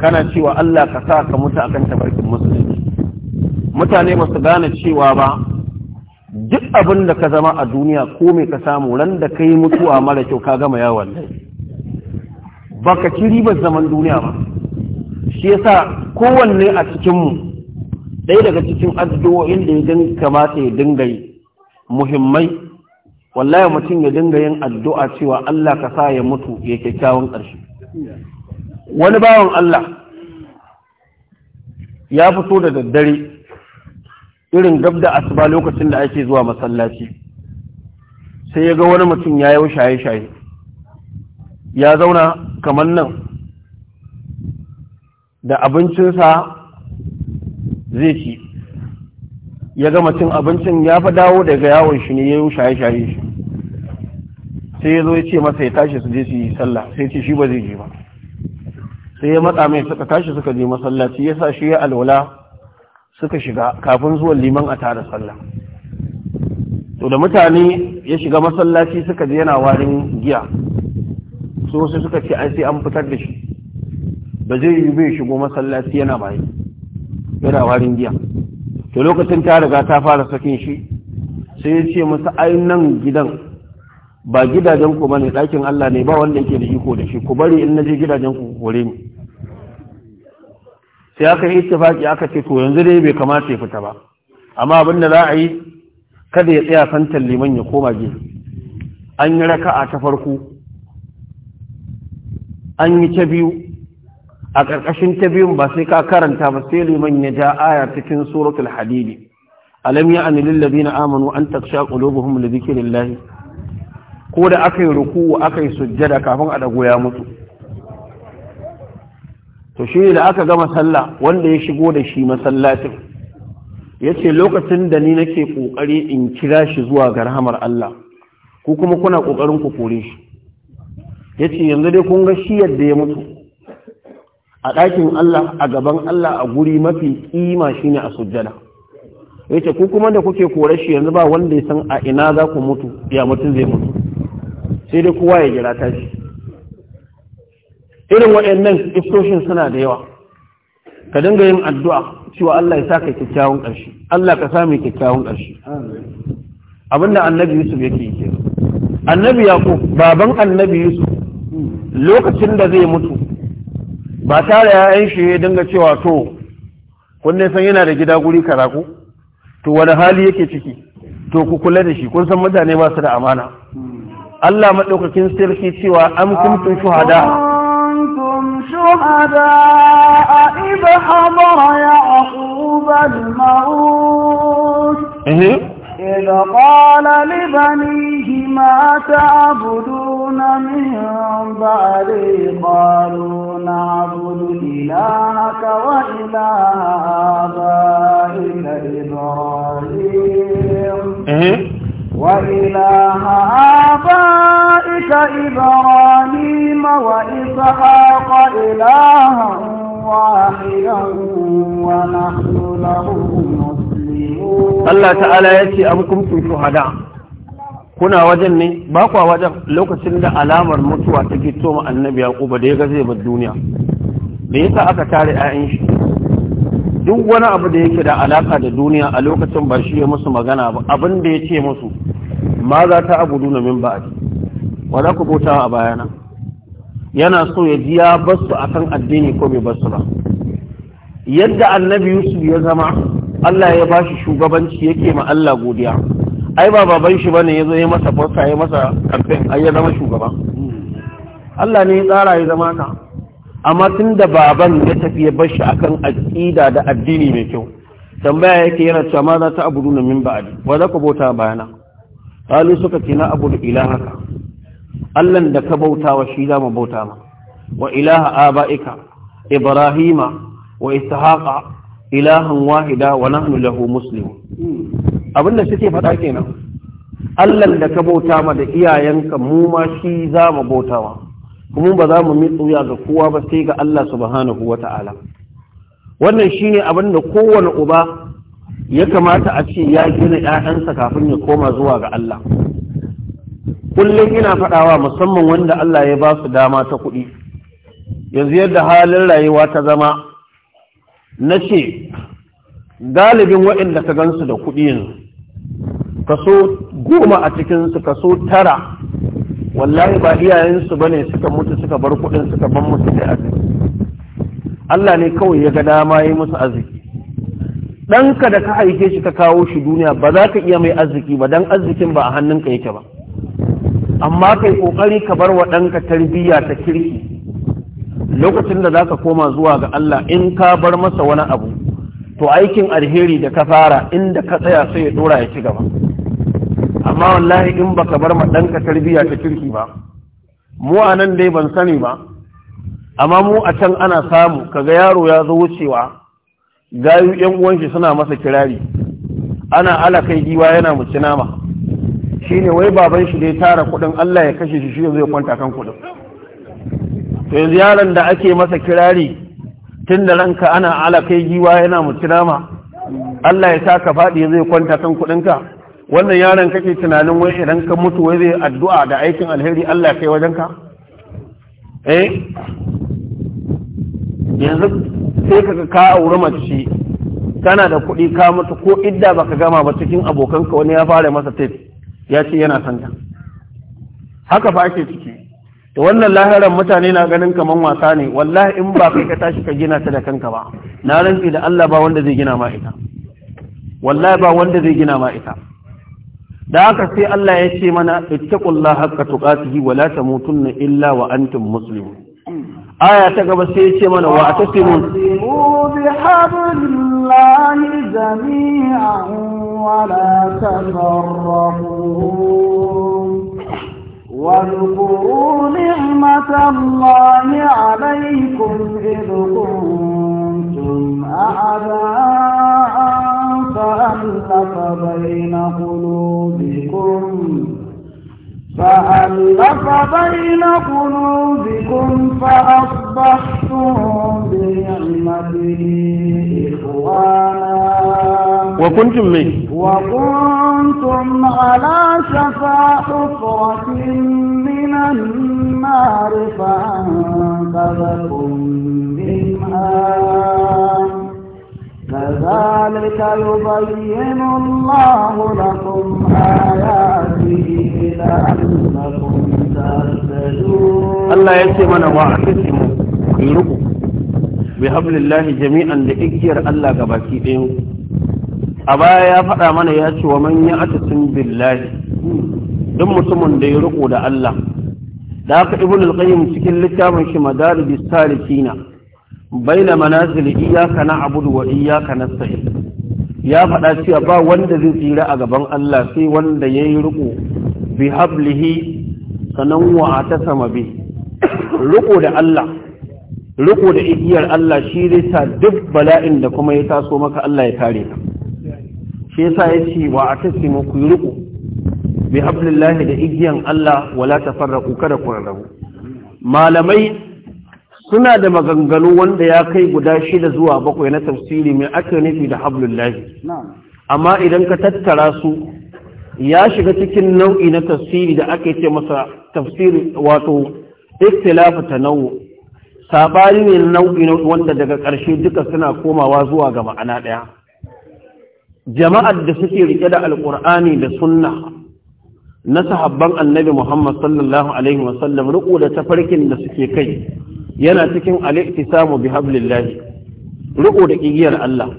S2: kana cewa Allah ka sa ka mutu akan tabarkin musulmi mutane ba su gane cewa ba abin da ka zama a duniya ko mai ka samu ran da ka yi mutuwa mara kyau ka gama yawon lai ba ka ci ribar zaman duniya ba shi yasa kowanne a cikinmu ɗaya daga cikin addu'o'in da ya kamata ya dinga yi muhimmai wallahi mutum ya dinga yin addu'a cewa Allah ka sa ya mutu ya kyakkyawan ƙarshe wani bawan Allah ya fito da daddare irin gab da asuba lokacin da ake zuwa masallaci sai ya ga wani mutum ya yau shaye-shaye ya zauna kamar nan da abincinsa zai ci ya ga mutum abincin ya fi dawo daga yawon shi ne ya yau shaye-shaye shi sai ya zo ya ce masa ya tashi su je su yi sallah sai ce shi ba zai je ba sai ya matsa mai suka tashi suka je masallaci ya sa shi ya alwala suka shiga kafin zuwan liman a tare sallah to da mutane ya shiga masallaci suka ji yana warin giya su wasu suka ce an sai an fitar da shi ba zai yi bai shigo masallaci yana bayi yana warin giya to lokacin ta riga ta fara sakin shi sai ya ce masa ai gidan ba gidajen ku bane ɗakin Allah ne ba wanda yake da iko da shi ku bari in na je gidajen ku hore ni sai aka yi ittifaki aka ce to yanzu dai bai kamata ya fita ba amma abin da za a yi kada ya tsaya santan liman ya koma gefe an yi raka'a ta farko an yi ta biyu a ƙarƙashin ta biyun ba sai ka karanta ba sai liman ya ja aya cikin suratul hadidi alam ya ani lil ladina amanu an taksha qulubuhum li dhikrillah ko da ruku ruku'u yi sujjada kafin a dago ya mutu to shi da aka gama sallah wanda ya shigo da shi masallacin ya ce lokacin da ni nake ƙoƙari in kira shi zuwa ga rahamar Allah ko kuma kuna ƙoƙarin ku kore shi ya ce yanzu dai kun ga shi yadda ya mutu a ɗakin Allah a gaban Allah a guri mafi ƙima shi ne a sujjada ya ce ku kuma da kuke kore shi yanzu ba wanda ya san a ina za ku mutu ya mutum zai mutu sai dai kowa ya jira tashi irin waɗannan iftoshin suna da yawa ka dinga yin addu'a cewa Allah ya saka kyakkyawan ƙarshe Allah ka sami kyakkyawan ƙarshe abinda annabi Yusuf yake yi kenan annabi Yaqub baban annabi Yusuf lokacin da zai mutu ba tare yayan shi ya dinga cewa to kun ne san yana da gida guri kara ko to wani hali yake ciki to ku kula da shi kun san mutane ba su da amana Allah madaukakin sarki cewa am kuntum shuhada
S1: الشهداء إذ حضر يعقوب الموت إيه؟ إذ قال لبنيه ما تعبدون من بعدي قالوا نعبد إلهك وإله آبائك إبراهيم إيه؟ وإله آبائك إبراهيم وإسحاق إلها واحدا ونحن له مسلمون الله تعالى يأتي
S2: أبكم في شهداء kuna wajen ne ba kwa wajen lokacin da alamar mutuwa ta gito ma annabi yaquba da ya ga zai bar duniya me yasa aka tare 'ya'yan shi duk wani abu da yake da alaka da duniya a lokacin ba shi ya musu magana ba abin da ya ce musu ma za ta abu duna min ba wa za ku bota a bayana yana so ya ji ya basu akan addini ko bai basu ba yadda annabi yusuf ya zama Allah ya ba shi shugabanci yake ma Allah godiya ai ba baban shi bane ya zo ya masa bossa ya masa kamfen ai ya zama shugaba Allah ne ya tsara ya zama ka amma tun da baban ya tafi ya bar shi akan aƙida da addini mai kyau tambaya yake yana cewa ma za ta abudu na min ba'adi wa za ku bauta bayana halu suka ce na abudu ilahaka allan da ka bauta wa shi za mu bauta ma wa ilaha aba'ika ibrahima wa ishaqa ilahan wahida wa nahnu lahu muslimun abinda suke faɗa kenan allan da ka bauta ma da iyayenka mu ma shi za mu bauta ma kuma ba za mu mitsu ya ga kowa ba sai ga Allah subhanahu wa ta'ala wannan shine abin da kowane uba ya kamata a ce ya gina ‘ya'yansa kafin ya koma zuwa ga Allah kullum ina faɗawa musamman wanda Allah ya ba su dama ta kuɗi yanzu yadda halin rayuwa ta zama na ce galibin waɗanda ka gansu da kuɗi yanzu kaso goma a cikinsu kaso tara wallahi ba iyayensu bane suka mutu suka bar kuɗin suka ban musu a arziki Allah ne kawai ya ga dama yi musu arziki ɗanka da ka haife shi ka kawo shi duniya ba za ka iya mai arziki ba dan arzikin ba a hannunka yake ba amma kai kokari ka bar wa ɗanka tarbiyya ta kirki lokacin da zaka koma zuwa ga Allah in ka bar masa wani abu to aikin alheri da ka fara inda ka tsaya sai ya dora ya ci gaba amma wallahi in baka bar ma ɗanka tarbiyya ta kirki ba mu a nan dai ban sani ba amma mu a can ana samu kaga yaro ya zo wucewa gayu yan uwanshi suna masa kirari ana alakai giwa yana mace nama shine wai baban shi dai tara kuɗin Allah ya kashe shi shi yanzu ya kwanta kan kuɗin to yanzu yaron da ake masa kirari tun da ranka ana alakai giwa yana mace nama Allah ya sa ka faɗi yanzu kwanta kan kuɗinka wannan yaron kake tunanin wai idan ka mutu wai zai addu'a da aikin alheri Allah kai wajen ka eh yanzu sai ka ka aure mace kana da kuɗi ka mutu ko idda baka gama ba cikin abokanka wani ya fara masa tape ya ce yana son haka fa ake ciki to wannan lahiran mutane na ganin kaman wasa ne wallahi in ba kai ka tashi ka gina ta da kanka ba na rantsi da Allah ba wanda zai gina ma ita wallahi ba wanda zai gina ma ita da haka sai Allah ya ce mana ittaqullaha haqqa tuqatihi wa la tamutunna illa wa antum muslimun aya ta gaba sai ya ce mana wa atasimu
S1: hablillahi jami'an wa la tafarraqu واذكروا نعمة الله عليكم إذ كنتم أعداء فألف بين قلوبكم فألف بين قلوبكم فأصبحتم بنعمته إخوانا وكنتم من وكنتم على شفا حفرة من النار فأنقذكم منها كذلك يبين الله لكم آياته لعلكم تهتدون الله يسمنا
S2: وعكسهم كيركم بحبل الله جميعا لإجير الله قباكي دين أبا يا فدا من يأتي ومن يأتسم بالله duk mutumin da ya riko da Allah da haka ibn al-qayyim cikin littafin shi madarijus salikina baina manazil iyyaka na'budu wa iyyaka nasta'in ya faɗa cewa ba wanda zai tsira a gaban Allah sai wanda yayi riƙo. bi hablihi sanan wa atasama bi da Allah riko da igiyar Allah shi zai sa duk bala'in da kuma ya taso maka Allah ya kare ka shi yasa yace wa atasimu ku riko bi hablillahi da igiyan Allah wala tafarraqu kada ku rabu malamai suna da maganganu wanda ya kai guda shida zuwa bakwai na tafsiri mai ake nufi da hablullahi amma idan ka tattara su ya shiga cikin nau'i na tafsiri da ake ce masa tafsiri wato ikhtilafu tanawu sabani ne nau'i wanda daga ƙarshe duka suna komawa zuwa ga ma'ana ɗaya jama'ar da suke rike da alƙur'ani da sunna na sahabban annabi muhammad sallallahu alaihi wasallam riko da tafarkin da suke kai yana cikin al-iktisamu bi hablillah riko da igiyar Allah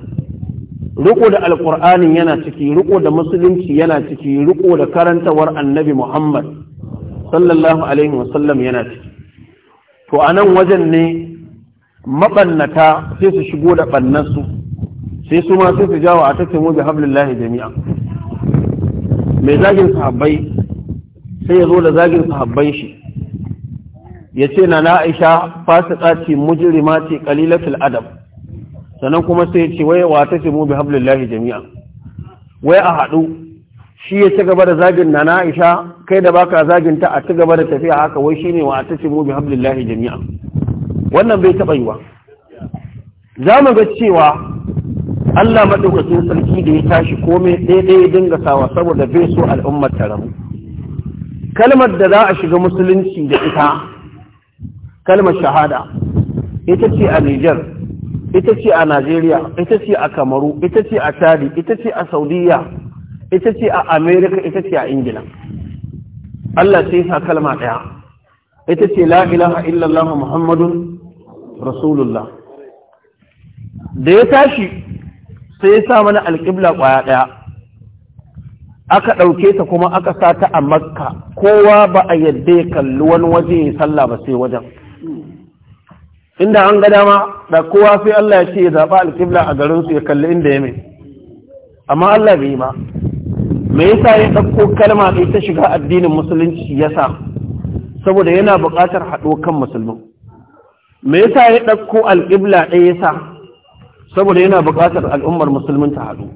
S2: riko da alqur'anin yana ciki riko da musulunci yana ciki riko da karantawar annabi Muhammad sallallahu alaihi wasallam yana ciki to a nan wajen ne maɓannata sai su shigo da ɓannansu sai su ma sai su jawo a mu bi hablillahi jami'a mai zagin sahabbai sai ya zo da zagin sahabban shi ya ce na na'isha fasika ce mujirima ce kalilatul Adam sannan kuma sai ce waya wata ce mu bi hablillahi jami'a wai a haɗu shi ya ci gaba da zagin na na'isha kai da baka zagin ta a ci gaba da tafiya haka wai shine wa ta mu bi hablillahi jami'a wannan bai taɓa yiwa za mu ga cewa Allah maɗaukacin sarki da ya tashi komai ya dinga sawa saboda bai so al'ummar ta rabu kalmar da za a shiga musulunci da ita kalmar shahada ita ce a Nijar ita ce a Najeriya ita ce a Kamaru ita ce a Chadi ita ce a Saudiya ita ce a Amerika ita ce a Ingila Allah sai sa kalma ɗaya ita ce la ilaha illallah Muhammadun Rasulullah da ya tashi sai ya sa mana alƙibla ƙwaya ɗaya aka ɗauke ta kuma aka sa ta a makka kowa ba a yadda ya kalli wani waje ya sallah ba sai wajen inda an ga dama da kowa sai Allah ya ce ya zaɓa alƙibla a garinsu ya kalli inda ya mai amma Allah bai yi ba me yasa ya ɗauko kalma ɗaya ta shiga addinin musulunci yasa saboda yana buƙatar haɗo kan musulmi me yasa ya ɗauko alƙibla ɗaya yasa saboda yana buƙatar al'ummar musulmin ta haɗu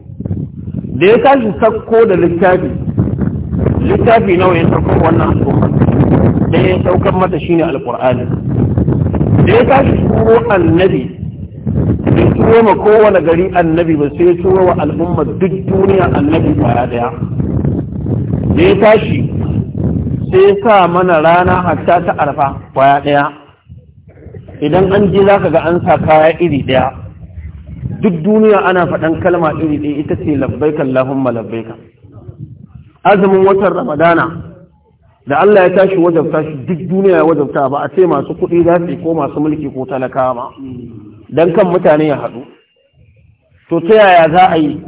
S2: da ya tashi sakko da littafi littafi nawa ya sauko wannan al'ummar da ya saukar mata shine alƙur'ani da ya tashi turo annabi ya turo ma kowane gari annabi ba sai turo wa al'umma duk duniya annabi kwaya daya da ya tashi sai ya sa mana rana hatta ta arfa kwaya daya idan an je za ka ga an sa kaya iri daya duk duniya ana faɗan kalma iri ɗaya ita ce labbaika Allahumma labbaika azumin watan ramadana da Allah ya tashi wajabta shi duk duniya ya wajabta ba a ce masu kuɗi za su ko masu mulki ko talakawa ba dan kan mutane ya haɗu to ta yaya za a yi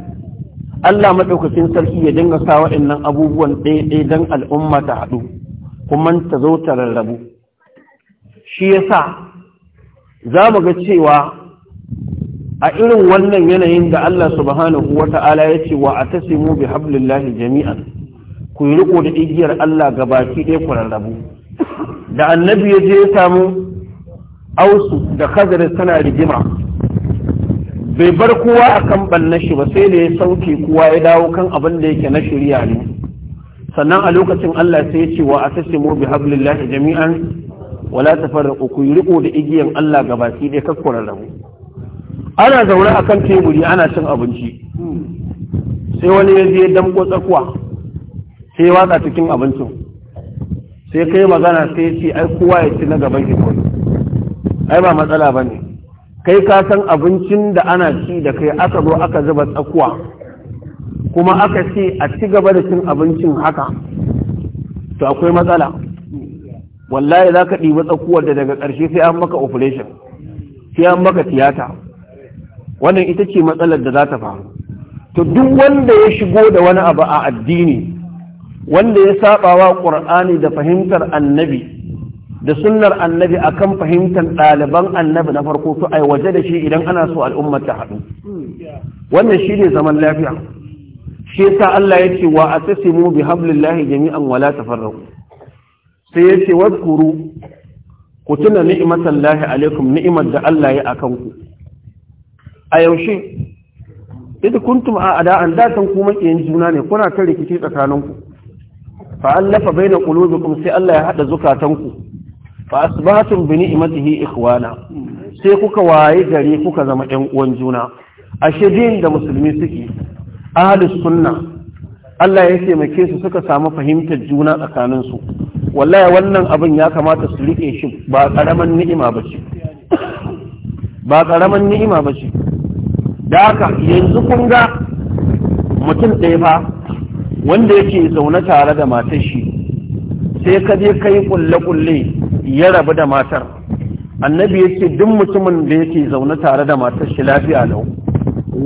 S2: Allah maɗaukacin sarki ya dinga sa waɗannan abubuwan ɗaya dan al'umma ta haɗu kuma ta zo ta rarrabu shi yasa za mu ga cewa a irin wannan yanayin da Allah subhanahu wa ta'ala ya ce wa a tasimu bi hablillahi jami'an ku yi riko da igiyar Allah ga baki ɗaya ku rarrabu da annabi ya je ya samu ausu da khazar tana rigima bai bar kowa akan ɓanna shi ba sai da ya sauke kowa ya dawo kan abin da yake na shirya ne sannan a lokacin Allah sai ya ce wa atasimu bi hablillahi jami'an wala tafarraqu ku yi riko da igiyar Allah ga baki ɗaya kakku rarrabu ana zaune akan teburi ana cin abinci sai wani ya je damko tsakuwa sai watsa cikin abincin sai kai magana sai ce ai kowa ya ci na gaban shi kawai ai ba matsala ba ne kai ka san abincin da ana ci da kai aka zo aka zuba tsakuwa kuma aka ce a ci gaba da cin abincin haka to akwai matsala wallahi za ka ɗiba tsakuwar da daga ƙarshe sai an maka operation sai an maka tiyata wannan ita ce matsalar da za ta faru to duk wanda ya shigo da wani abu a addini wanda ya wa ƙur'ani da fahimtar annabi da sunnar annabi akan fahimtar ɗaliban annabi na farko to ai waje da shi idan ana so al'ummar ta haɗu wannan ne zaman lafiya shi yasa Allah ya ce wa atasimu bi hablillahi jami'an wala tafarraqu sai ya ce wadkuru ku tuna ni'matallahi alaikum ni'mar da Allah ya akan ku a yaushe idan kuntum a ada'an da tan ku makiyin juna ne kuna ta rikici tsakaninku fa'allafa baina qulubikum sai Allah ya haɗa zukatanku fa asbahatum bi ni'matihi ikhwana sai kuka waye gari kuka zama ɗan uwan juna ashe din da musulmi suke ahlus sunna Allah ya taimake su suka samu fahimtar juna tsakanin su wallahi wannan abin ya kamata su rike shi ba karaman ni'ima ce ba karaman ni'ima ce da haka yanzu kun ga mutum ɗaya fa wanda yake zaune tare da matar shi sai ka je kai kulle-kulle ya rabu da matar annabi yake duk mutumin da yake zaune tare da matar shi lafiya lau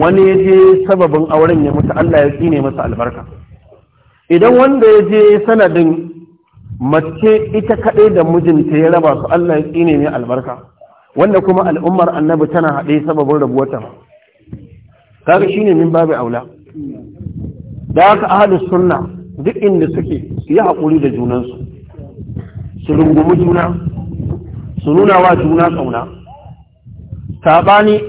S2: wani ya je sababin auren ya mutu Allah ya tsine masa albarka idan wanda ya je sanadin mace ita kaɗai da mijinta ya raba su Allah ya tsine mai albarka wanda kuma al'ummar annabi tana haɗe sababin rabuwata kaga shine min babu aula da haka ahalus sunna duk inda suke su yi haƙuri da junansu su rungumi juna su nuna wa juna tsauna saɓani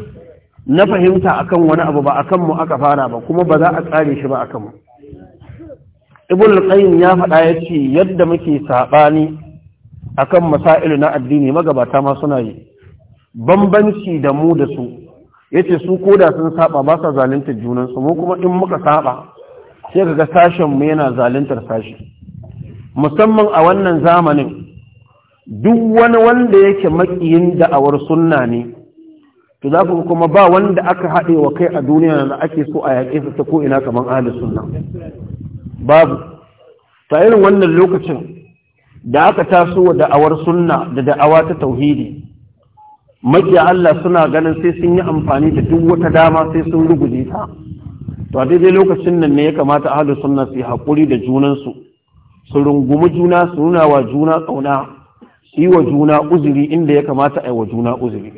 S2: na fahimta akan wani abu ba akan mu aka fara ba kuma ba za a tsare shi ba akan mu ibn al-qayyim ya faɗa ya ce yadda muke saɓani akan masailu na addini magabata ma suna yi bambanci da mu da su yace su koda sun saba ba sa zalunta junansu mu kuma in muka saba sai ga sashen mu yana zaluntar sashi musamman a wannan zamanin duk wani wanda yake makiyin da'awar sunna ne to za ku kuma ba wanda aka haɗe wa kai a duniya da ake so a yaƙe su ta ko kamar ahli sunna babu ta irin wannan lokacin da aka taso wa da'awar sunna da da'awa ta tauhidi makiya Allah suna ganin sai sun yi amfani da duk wata dama sai sun ruguje ta to a daidai lokacin nan ne ya kamata ahlu sunna su yi haƙuri da junansu su rungumi juna su nuna wa juna ƙauna su yi wa juna uzuri inda ya kamata a yi wa juna uzuri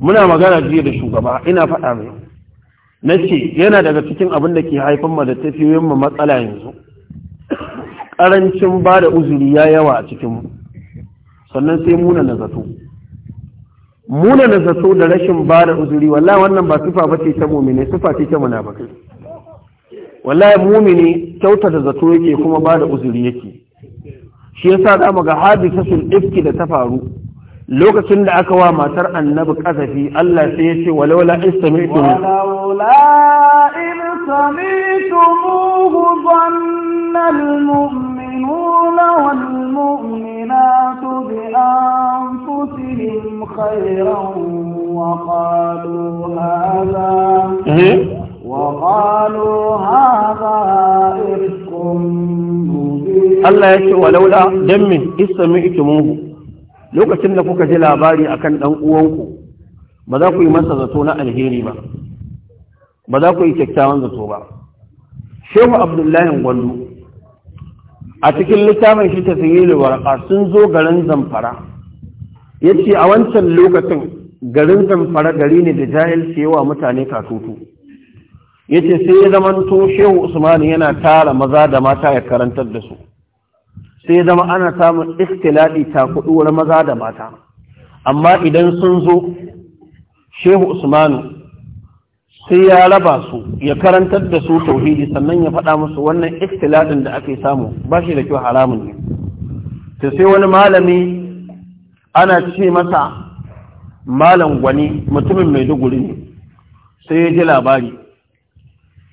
S2: muna magana jiya da shugaba ina faɗa mai na ce yana daga cikin abin da ke haifar ma da tafiyoyin mu matsala yanzu ƙarancin ba da uzuri ya yawa a cikinmu sannan sai muna na zato muna da zato da rashin ba da uzuri wallahi wannan ba sifa ba ce ta mumini sufa ce ta munafiki wallahi mumini kyautata zato yake kuma ba da uzuri yake shi yasa za mu ga hadisatul ifki da ta faru lokacin da aka wa matar annabi kazafi Allah sai ya ce walaula istami'tu
S1: walaula in sami'tumuhu dhanna ولو بأنفسهم خيرا وقالوا هذا وقالوا هذا إفك Allah ya ce walaula dan
S2: lokacin da kuka ji labari akan ɗan uwanku ba za ku yi masa zato na alheri ba ba za ku yi kyakkyawan zato ba Shehu Abdullahi Gwandu a cikin littafin shi tafiyilu warqa sun zo garin zamfara ce a wancan lokacin garin zamfara gari ne da jahilci yawa mutane katutu ce sai ya zama shehu usman yana tara maza da mata ya karantar da su sai ya zama ana samun ikhtilati ta kuɗuwar maza da mata amma idan sun zo shehu Usmanu. sai ya raba su ya karantar da su tauhidi sannan ya faɗa musu wannan ikhtilatin da ake samu ba shi da kyau haramun ne ta sai wani malami ana ce masa malam gwani mutumin mai duguri ne sai ya ji labari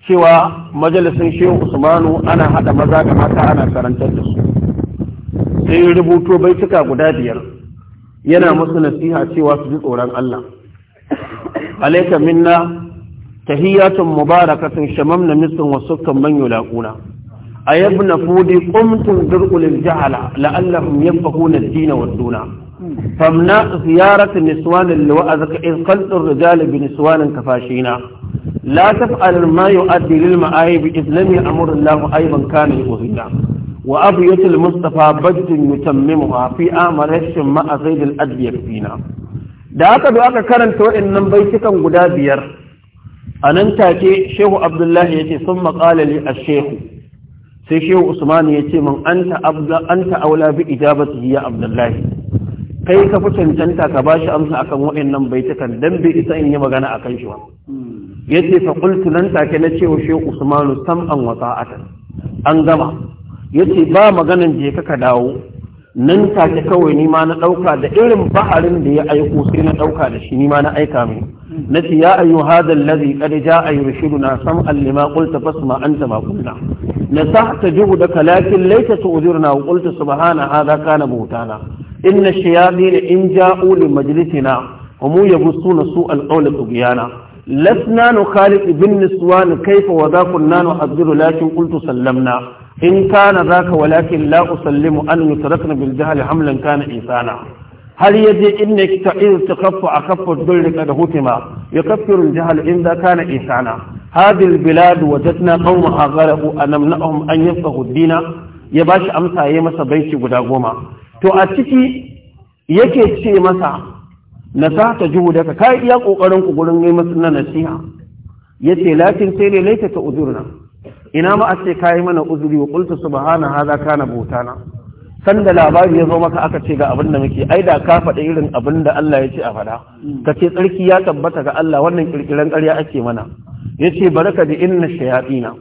S2: cewa majalisin shehu usmanu ana haɗa maza da mata ana karantar da su sai ya rubuto baituka guda biyar yana musu nasiha cewa su ji tsoron Allah alaika minna tahiyatun mubarakatun shamamna mislin wa sukkan man yulaquna ayabna fudi qumtum dirqul jahala la'allahum yafqahuna ad-din wa ad-duna famna ziyarat niswan al-wa'azaka in qaltu ar-rijal bi niswan kafashina la taf'al ma yu'addi lil ma'ayib id lam ya'mur Allah ayban kana yuhina wa abiyatul mustafa baddun yutammimuha fi amarashin ma'a zaid al-adbi da haka da aka karanta waɗannan baitukan guda biyar a nan take shehu abdullahi ya ce sun maƙalali a shehu sai shehu usman ya ce min an ta'aula bi ijabati ya abdullahi kai ka fi cancanta ka shi amsa akan waɗannan baitukan dan bai isa in yi magana akan shi ba yace fa qultu nan take na cewa shehu usman an wata ata, an gama yace ba maganan je ka ka dawo nan take kawai ni ma na dauka da irin baharin da ya aiko sai na dauka da shi ni ma na aika mai nace ya ayu hadha alladhi qad jaa yurshiduna sam'an lima qulta fasma anta ma qulna nasahta juhdaka lakin laysa tu'dirna wa qulta subhana hadha kana buhtana inna shayatin in ja'u li majlisina hum yabussuna su'al qawli tughyana لسنا نخالف بالنسوان كيف وذا كنا نحذر لكن قلت سلمنا إن كان ذاك ولكن لا أسلم أن يتركنا بالجهل حملا كان إنسانا har ya je inda kita in ta kafa a kafa dole da hutima ya kafirun jihar in inda kana isana hadil bilad wajadna qawmaha gharaqu anamnahum an yafqahu ad-dina ya bashi amsa yayi masa baiti guda goma to a ciki yake ce masa nasata juhudaka kai iya kokarin ku gurin yi masa na nasiha yace lakin sai ne laita uzurna ina ma a ce kai mana uzuri wa qultu subhana hadha kana na? sanda labari ya zo maka aka ce ga abin da muke ai da ka faɗa irin abin da Allah ya ce a faɗa ka ce tsarki ya tabbata ga Allah wannan kirkiran ƙarya ake mana ya ce baraka da inna shayaɗina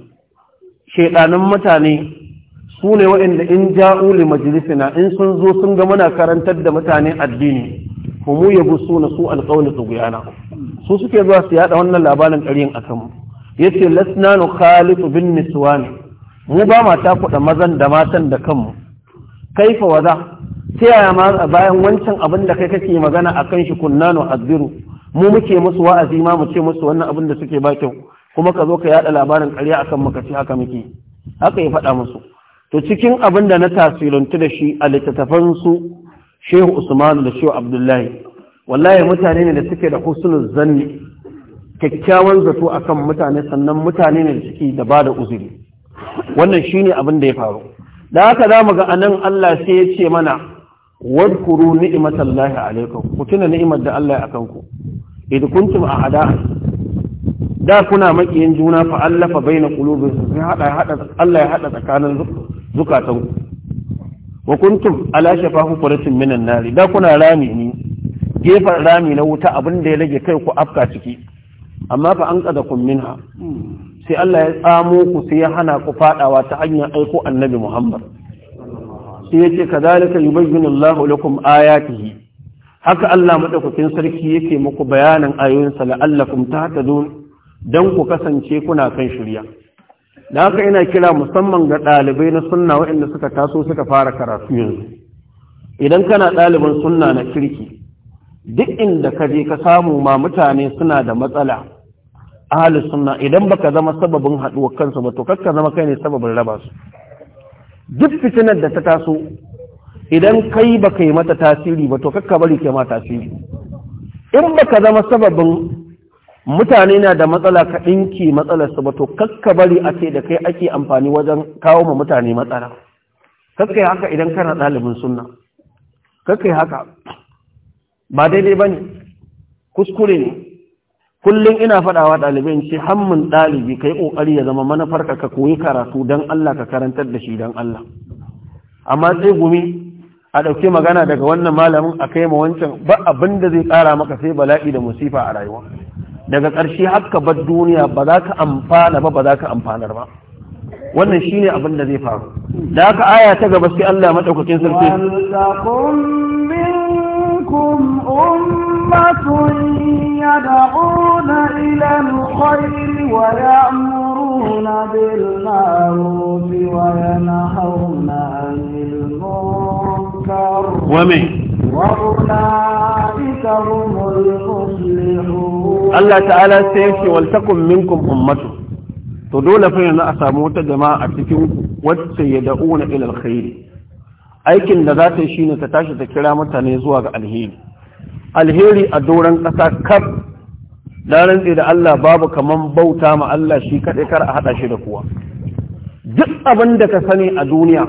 S2: shaiɗanin mutane su ne waɗanda in ja'u li majalisina in sun zo sun ga muna karantar da mutane addini kuma ya su na su alƙawli tsuguyana su suke zuwa su yaɗa wannan labarin ƙaryan akan mu ya ce lasna nu bin niswani mu ba ma ta kuɗa mazan da matan da kanmu kaifa waza ta yaya ma bayan wancan abin da kai kake magana a kan shi kunna no azziru mu muke musu wa'azi ma mu ce musu wannan abin da suke ba kyau kuma ka zo ka yada labarin ƙarya akan muka ce haka muke haka ya faɗa musu to cikin abin da na tasirantu da shi a littattafan su Shehu Usman da Shehu Abdullahi wallahi mutane ne da suke da husnul zanni kyakkyawan zato akan mutane sannan mutane ne da suke da bada uzuri wannan shine abin da ya faru da haka za mu ga anan Allah sai ya ce mana wadkuru ni'matallahi alaikum ku tuna ni'imar da Allah ya kanku ku kun ci a hada da kuna makiyin juna fa allafa baina qulubikum sai hada hada Allah ya hada tsakanin zukatan ku wa kuntum ala shafahu quratin minan nari da kuna rami ni, gefen rami na wuta abin da ya rage kai ku afka ciki amma fa an kada kun minha hmm. sai Allah ya tsamo ku sai ya hana ku fadawa ta hanyar aiko annabi Muhammad sai ya ce kadhalika yubayyinu Allahu lakum ayatihi haka Allah madaukakin sarki yake muku bayanan ayoyinsa la'allakum tahtadun dan ku kasance kuna kan shirya da haka ina kira musamman ga ɗalibai na sunna waɗanda suka taso suka fara karatu yanzu idan kana ɗaliban sunna na kirki duk inda ka je ka samu ma mutane suna da matsala ahli sunna idan baka zama sababin haduwar kansu ba to kakka zama kai ne sababin raba su duk fitinar da ta taso idan kai baka yi mata tasiri ba to kakka bari kai ma tasiri in baka zama sababin mutane na da matsala ka ɗinki su ba to kakka bari a ce da kai ake amfani wajen kawo ma mutane matsala kakka yi haka idan kana ɗalibin sunna kakka yi haka ba daidai ba ne kuskure ne kullum ina faɗawa ɗalibai ce hammin ɗalibi kai ƙoƙari ya zama manufar ka koyi karatu don Allah ka karantar da shi don Allah amma sai gumi a ɗauke magana daga wannan malamin a kai ma wancan ba abin da zai ƙara maka sai bala'i da musifa a rayuwa daga ƙarshe haka bar duniya ba za ka amfana ba ba za ka amfanar ba wannan shine abin da zai faru da haka aya ta gaba sai Allah maɗaukakin sarki
S1: أمة يدعون إلى الخير ويأمرون بالمعروف وينهون عن
S2: المنكر ومن
S1: وأولئك هم المفلحون الله تعالى سيشي ولتكن
S2: منكم أمته to dole fa yanzu a samu wata jama'a a cikin wacce ya da'una ila alkhairi aikin da za ta yi shine ta tashi ta kira mutane zuwa ga alheri alheri a doron ƙasa kar na rantse da Allah babu kamar bauta ma Allah shi kaɗai kar a haɗa shi da kuwa duk abin da ka sani a duniya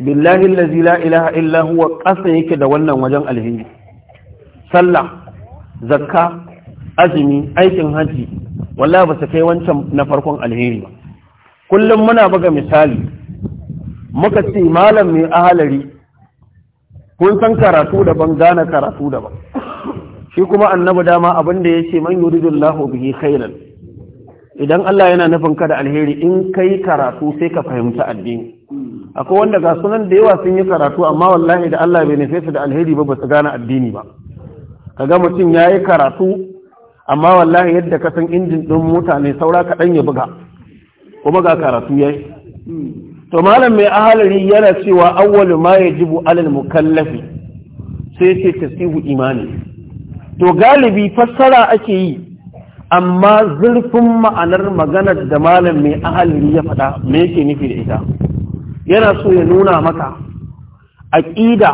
S2: billahi allazi la ilaha illa huwa ƙasa yake da wannan wajen alheri sallah zakka azumi aikin haji walla ba su kai wancan na farkon alheri ba kullum muna buga misali muka ce malam mai ahalari kun san karatu daban gane karatu daban shi kuma annabi dama abin da ya ce man yuridullahu bihi khairan idan Allah yana nufin ka da alheri in kai karatu sai ka fahimta addini akwai wanda ga sunan da yawa sun yi karatu amma wallahi da Allah bai nufe su da alheri ba ba su gane addini ba kaga mutum ya yi karatu amma wallahi yadda ka san injin ɗin mutane saura kaɗan ya buga kuma ga karatu ya yi to malam mai ahalari yana cewa awwalu ma yajibu alal mukallafi sai ce tasihu imani to galibi fassara ake yi amma zurfin ma'anar maganar da malam mai ahalin ya faɗa me yake nufi da ita yana so ya nuna maka aƙida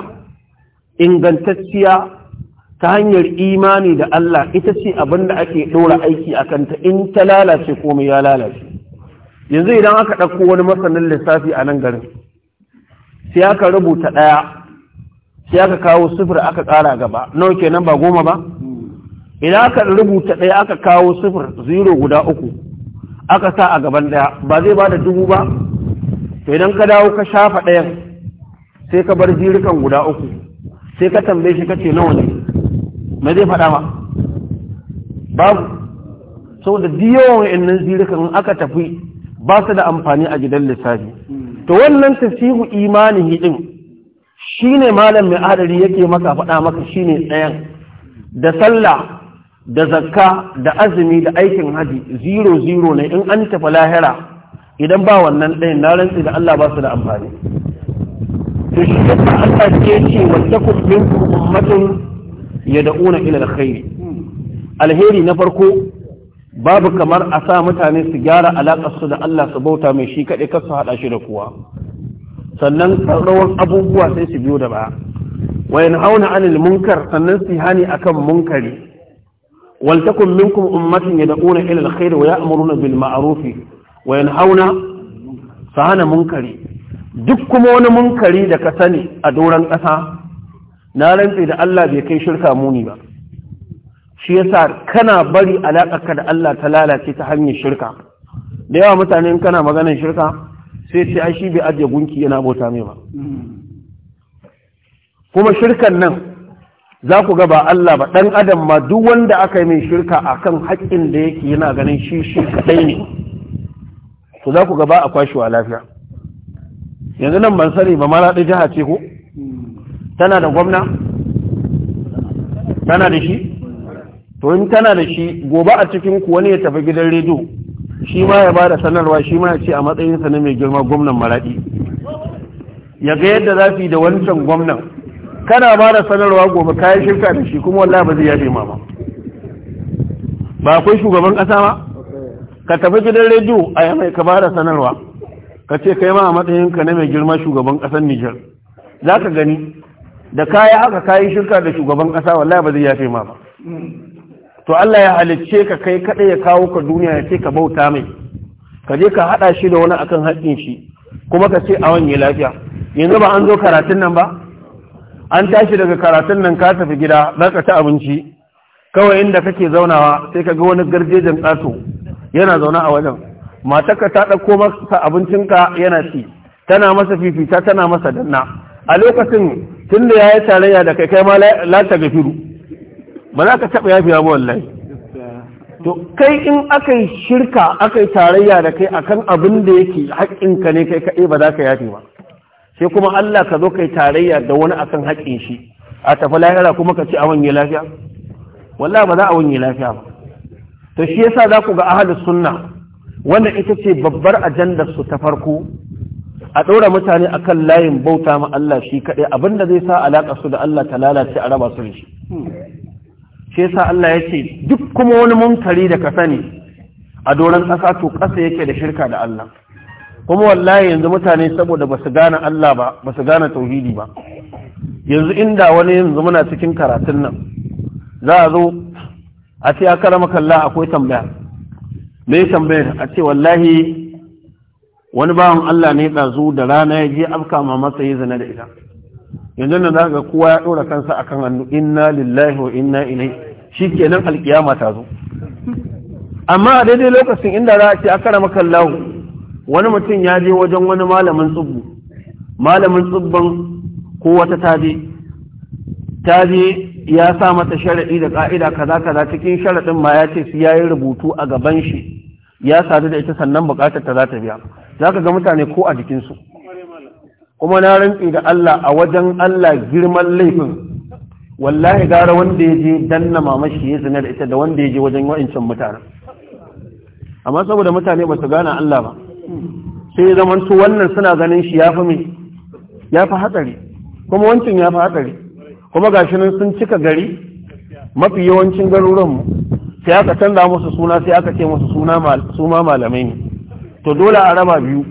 S2: ingantacciya ta hanyar imani da Allah ita ce abin da ake ɗora aiki a kanta in ta lalace komai ya lalace yanzu idan aka ɗauko wani masanin lissafi a nan garin sai aka rubuta ɗaya sai aka kawo sufur aka ƙara gaba nawa kenan ba goma ba idan aka rubuta ɗaya aka kawo sifir zero guda uku aka sa a gaban ɗaya ba zai ba da dubu ba to idan ka dawo ka shafa ɗayan sai ka bar jirikan guda uku sai ka tambaye shi kace nawa ne mai zai faɗa ba babu saboda duk yawan wa'annan jirikan aka tafi ba su da amfani a gidan lissafi to wannan tasihu imanihi hidin, shine malam mai adari yake maka faɗa maka shine ɗayan da sallah da zakka da azumi da aikin haji zero zero ne in an tafi lahira idan ba wannan ɗayan na rantsi da Allah ba su da amfani to shi da Allah ke ce wanda kun min ummatin yad'una ila alkhair alheri na farko babu kamar a sa mutane su gyara alaƙar su da Allah su bauta mai shi kaɗai su haɗa shi da kuwa sannan rawan abubuwa sai su biyo da ba wayan na anil munkar sannan su hani akan munkari ولتكن منكم أمة يدعون إلى الخير ويأمرون بالمعروف وينهون فهنا منكري دكم وانا منكري Na أدورا أسا نالا إذا الله shirka muni ba. shi yasa kana bari ka da Allah ta lalace ta hanyar shirka da yawa mutane kana maganar shirka sai ce ai shi bai ajiye gunki yana bauta mai ba
S3: kuma shirkan
S2: nan za ku ga ba Allah ba ɗan adam ma duk wanda aka yi mai shirka akan haƙƙin da yake yana ganin shi shi kaɗai ne to za ku ga ba a kwashewa lafiya yanzu nan ban sani ba maraɗi jiha ce ko tana da gwamna tana da shi to in tana da shi gobe a cikin ku wani ya tafi gidan rediyo shi ma ya bada sanarwa shi ma ya ce a matsayinsa na mai girma gwamnan maraɗi ya ga yadda za da wancan gwamnan kana ba da sanarwa gobe kayan shirka da shi kuma wallahi ba zai yafe ma ba ba akwai shugaban kasa ba ka tafi gidan rediyo a yamai ka ba da sanarwa ka ce kai ma a matsayin ka na mai girma shugaban kasar Nijar za ka gani da kaya aka kayi shirka da shugaban kasa wallahi ba zai yafe ma ba to Allah ya halicce ka kai kaɗai ya kawo ka duniya ya ce ka bauta mai ka je ka haɗa shi da wani akan haƙƙin shi kuma ka ce a wani lafiya yanzu ba an zo karatun nan ba an tashi daga karatun nan ka tafi gida za ka ci abinci kawai inda kake zaunawa sai ka ga wani garjejin ƙato yana zaune a wajen matarka ta ɗauko masa abincinka yana ci tana masa fifita tana masa danna a lokacin tun da ya tarayya da kai kai ma lata ga firu ba za ka taɓa yafiya ba wallahi to kai in aka shirka aka yi tarayya da kai akan abin da yake haƙƙinka ne kai kaɗai ba za ka yafi ba sai kuma Allah ka zo kai tarayya da wani akan haƙƙin shi a tafi lahira kuma ka ce a wanye lafiya wallahi ba za a wanye lafiya ba to shi yasa za ku ga ahli sunna wanda ita ce babbar ajandar su ta farko a ɗora mutane akan layin bauta ma Allah shi kaɗai abinda zai sa alaƙa su da Allah ta lalace a raba su da shi shi yasa Allah ya ce duk kuma wani munkari da ka sani a doron ƙasa to ƙasa yake da shirka da Allah kuma wallahi yanzu mutane saboda ba su gane Allah ba ba su gane tauhidi ba yanzu inda wani yanzu muna cikin karatun nan za a zo a ce aka rama kalla akwai tambaya me tambayar a ce wallahi wani bawan Allah ne ɗazu da rana ya je afka ma masa yi zina da ita yanzu nan za ga kowa ya ɗora kansa akan hannu inna lillahi wa inna ilaihi shikenan alkiyama ta zo amma a daidai lokacin inda za a ce aka rama kallahu wani mutum ya je wajen wani malamin tsubu. malamin tsubban ko wata taje taje ya sa mata sharaɗi da ƙa'ida kaza kaza cikin sharaɗin ma ya ce su yayi rubutu a gaban shi ya sadu da ita sannan buƙatar ta za ta biya za ka ga mutane ko a jikinsu kuma na rantsi da Allah a wajen Allah girman laifin wallahi gara wanda ya je danna mamashi ya zina da ita da wanda ya je wajen wa'incin mutane amma saboda mutane ba su gane Allah ba sai su wannan suna ganin shi ya fi mai ya fi hatsari kuma wancan ya fi hatsari kuma ga nan sun cika gari mafi yawancin garuruwanmu sai aka canza musu suna sai aka ce musu suna su ma malamai ne to dole a raba biyu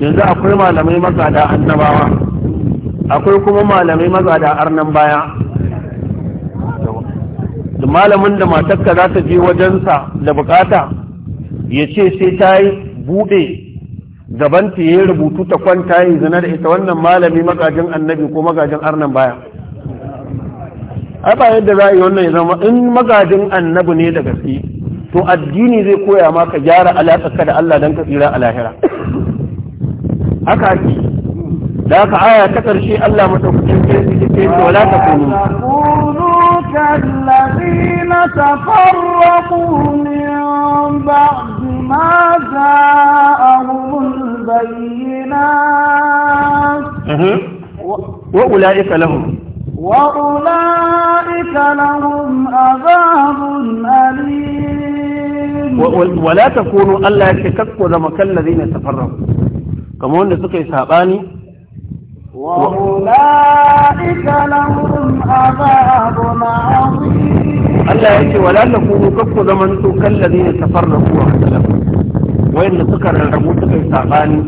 S2: yanzu akwai malamai maza da annabawa akwai kuma malamai maza da arnan baya malamin da matakka za ta je wajensa da bukata ya ce sai ta yi buɗe gabanta ya rubutu ta kwanta yi zina da ita wannan malami magajin annabi ko magajin arnan baya a ba yadda za a yi wannan zama in magajin annabi ne da gaske to addini zai koya ma ka gyara alaƙarka da Allah don ka tsira a lahira haka ake da aka aya ta ƙarshe Allah madaukakin sarki ta ce wala ta kunu
S1: ما جاءهم البينات
S2: وأولئك لهم
S1: وأولئك لهم عذاب أليم
S2: ولا تكونوا ألا يتككوا ذمك الذين تفرقوا كما أن سكي ساباني
S1: وأولئك لهم عذاب عظيم Allah ya ce wala
S2: na kuma kakku zaman to kallazi ne tafarraku wa kasala wayanda suka rarrabu suka yi sabani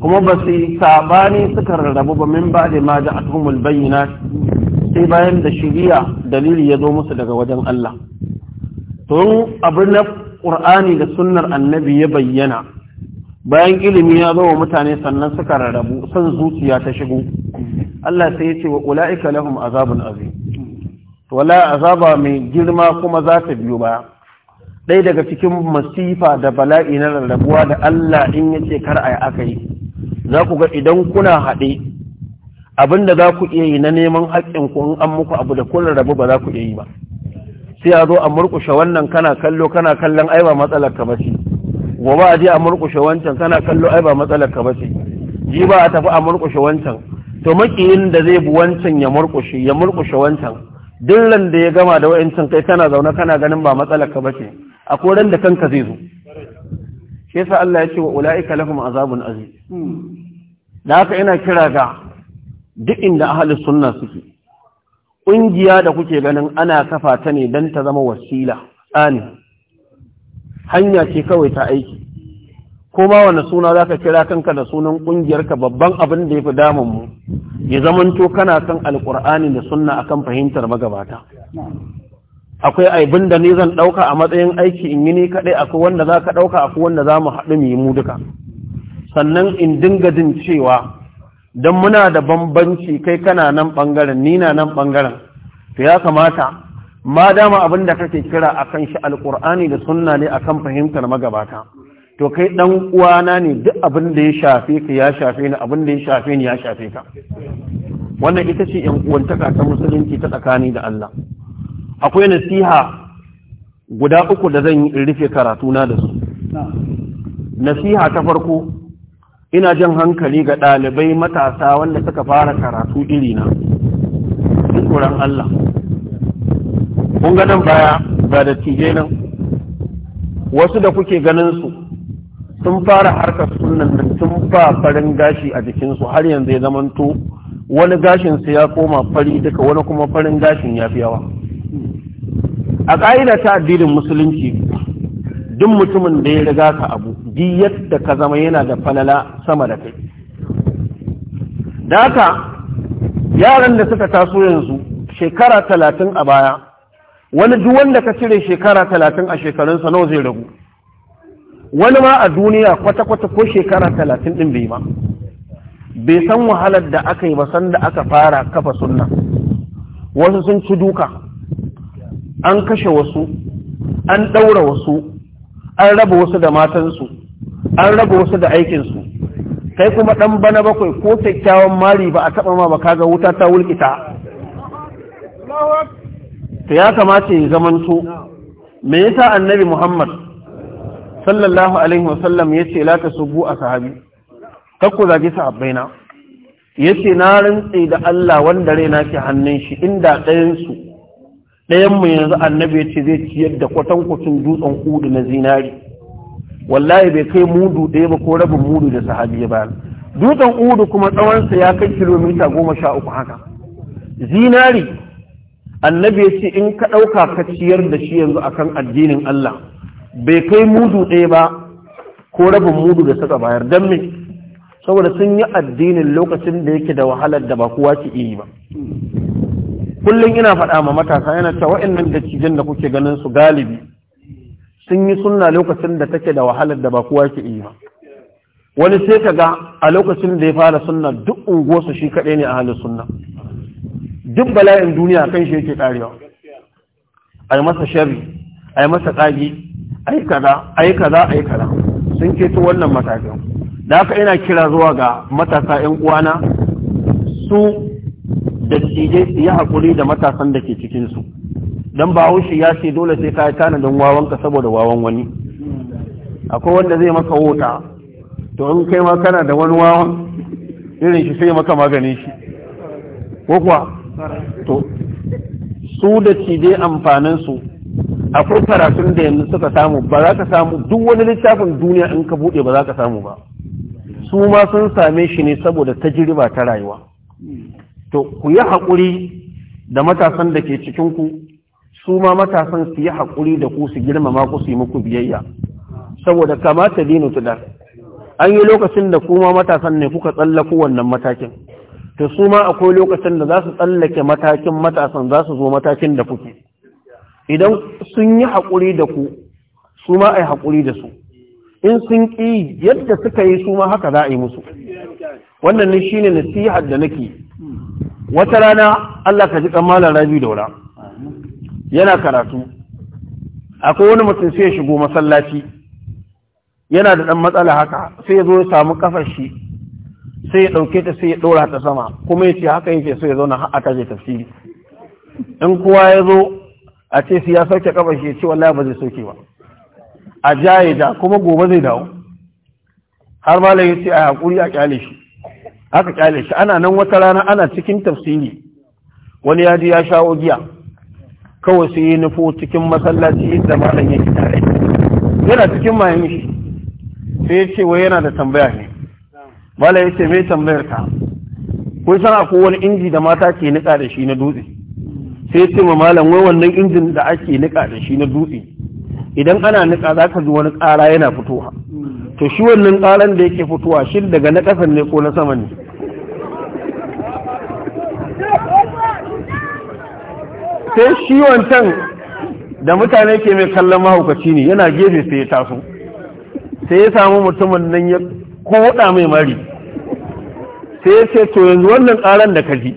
S2: kuma ba su yi sabani suka rarrabu ba min ba da ma da atumul bayyana sai bayan da shiriya dalili ya zo musu daga wajen Allah to abin na ƙur'ani da sunnar annabi ya bayyana bayan ilimi ya zo wa mutane sannan suka rarrabu san zuciya ta shigo Allah sai ya ce wa ula'ika lahum azabun azim wala azaba mai girma kuma za ta biyo baya ɗaya daga cikin masifa da bala'i na rarrabuwa da Allah in ya ce kar a yi aka yi za ku ga idan kuna haɗe abin da za ku iya yi na neman haƙƙin ku in an muku abu da kun rarrabu ba za ku iya yi ba sai a zo a murƙushe wannan kana kallo kana kallon ai ba matsalar ka bace gobe a je a murƙushe wancan kana kallo ai ba matsalar ka bace ji ba a tafi a murƙushe wancan to maƙiyin da zai bi wancan ya murƙushe ya murƙushe wancan dillan da ya gama da wa'incin kai kana zaune kana ganin ba matsalar ka bace a koran da kanka zai zo shi yasa Allah ya ce wa ula'ika lahum azabun azim da haka ina kira ga duk inda ahli sunna suke ƙungiya da kuke ganin ana kafa ta ne dan ta zama wasila tsani hanya ce kawai ta aiki ko ma wani suna za ka kira kanka da sunan ƙungiyarka babban abin da ya fi damun mu ya zamanto kana kan alƙur'ani da sunna akan fahimtar magabata akwai aibin da ni zan ɗauka a matsayin aiki in yi ni kaɗai akwai wanda za ka ɗauka akwai wanda za mu haɗu mu yi mu duka sannan in dinga jin cewa don muna da bambanci kai kana nan ɓangaren ni na nan ɓangaren to ya kamata ma dama abin da kake kira akan shi alƙur'ani da sunna ne a kan fahimtar magabata to kai ɗan uwana ne duk abin da ya shafe ka ya shafe ni abin da ya shafe ni ya shafe ka wannan ita ce yan uwantaka ta musulunci ta tsakani da Allah akwai nasiha guda uku da zan rufe karatuna da su nasiha ta farko ina jan hankali ga ɗalibai matasa wanda suka fara karatu irina tsoron Allah kun ganin baya ba da tije nan wasu da kuke ganin su sun fara harka sunan nan sun ba farin gashi a jikinsu har yanzu ya zamanto wani gashin su ya koma fari duka wani kuma farin gashin ya fi yawa a ƙa'ida ta addinin musulunci duk mutumin da ya riga ka abu bi yadda ka zama yana da falala sama da kai data yaran da suka taso yanzu shekara talatin a baya wani duk wanda ka cire shekara talatin a shekarunsa nawa zai ragu wani ma a duniya kwata-kwata ko shekara talatin ɗin bai ma bai san wahalar da aka yi ba sanda aka fara kafa sunna wasu sun ci duka an kashe wasu an ɗaura wasu an raba wasu da matansu an raba wasu da aikinsu kai kuma ɗan bana bakwai ko kyakkyawan mari ba a taɓa ma ba ga wuta ta wulkita to ya kamata ya zamanto me yasa annabi muhammad sallallahu alaihi wasallam ya ce la ta subu a sahabi kakku su Abaina. ya ce na rantse da allah wanda raina ke hannun shi inda ɗayansu ɗayan mu yanzu annabi ya ce zai ciyar da kwatan dutsen kudu na zinari wallahi bai kai mudu ɗaya ba ko rabin mudu da sahabi ya bayar dutsen udu kuma tsawonsa ya kai kilomita goma sha uku haka zinari annabi ya ce in ka ɗauka ka ciyar da shi yanzu akan addinin Allah bai kai mudu ɗaya ba ko rabin mudu da saka bayar don me saboda sun yi addinin lokacin da yake da wahalar da ba kowa ke yi ba kullum ina faɗa ma matasa yana cewa wa'annan dattijan da kuke ganin su galibi sun yi sunna lokacin da take da wahalar da ba kowa ke iya. wani sai ka ga a lokacin da ya fara sunna duk unguwarsa shi kaɗai ne a halin sunna duk bala'in duniya kan shi yake karewa a yi masa sharri a yi masa tsagi a yi kaza a yi kaza a yi kaza sun keto wannan matakin da aka ina kira zuwa ga matasa 'yan uwana su dattijai su yi haƙuri da matasan da ke cikinsu don ba haushi ya ce dole sai ka yi tanadin ka saboda wawan wani akwai wanda zai maka wuta to in kai ma kana da wani wawan irin shi sai maka maganin shi ko kuwa to su da cije amfaninsu akwai karatun da yanzu suka samu ba za ka samu duk wani littafin duniya in ka buɗe ba za ka samu ba su ma sun same shi ne saboda tajiriba ta rayuwa to ku yi haƙuri da matasan da ke cikinku su ma matasan su yi haƙuri da ku su girmama ku su yi muku biyayya saboda kamata dinu da an yi lokacin da kuma matasan ne kuka tsallako wannan matakin to su ma akwai lokacin da za su tsallake matakin matasan za su zo matakin da kuke idan sun yi haƙuri da ku su ma a yi haƙuri da su in sun ƙi yadda suka yi su ma haka za a yi musu
S3: wannan ne shine
S2: nasihar da nake
S3: wata rana
S2: Allah ka ji kamalan rabi da daura yana karatu akwai wani mutum sai ya shigo masallaci yana da ɗan matsala haka sai ya zo ya samu kafar shi sai ya ɗauke ta sai ya ɗora ta sama kuma ya ce haka yake sai ya zauna har aka je tafsiri in kowa ya zo a ce sai ya sauke kafar shi ya ce wallahi ba zai sauke ba a jaye da kuma gobe zai dawo har malam ya ce a hakuri a kyale shi aka kyale shi ana nan wata rana ana cikin tafsiri wani ya ji ya shawo giya kawai sai ya nufo cikin masallaci da malam yake tare yana cikin mayan shi sai ya ce wai yana da tambaya ne malam ya ce mai tambayar ka kun san ko wani inji da mata ke nika da shi na dutse sai ya ce ma malam wai wannan injin da ake nika da shi na dutse idan ana nika za ka ji wani kara yana fitowa to shi wannan ƙaran da yake fitowa shi daga na ƙasan ne ko na sama ne sai shi wancan da mutane ke mai kallon mahaukaci ne yana gefe sai ya taso sai ya samu mutumin nan ya koda mai mari sai ya ce to yanzu wannan ƙaran da ka ji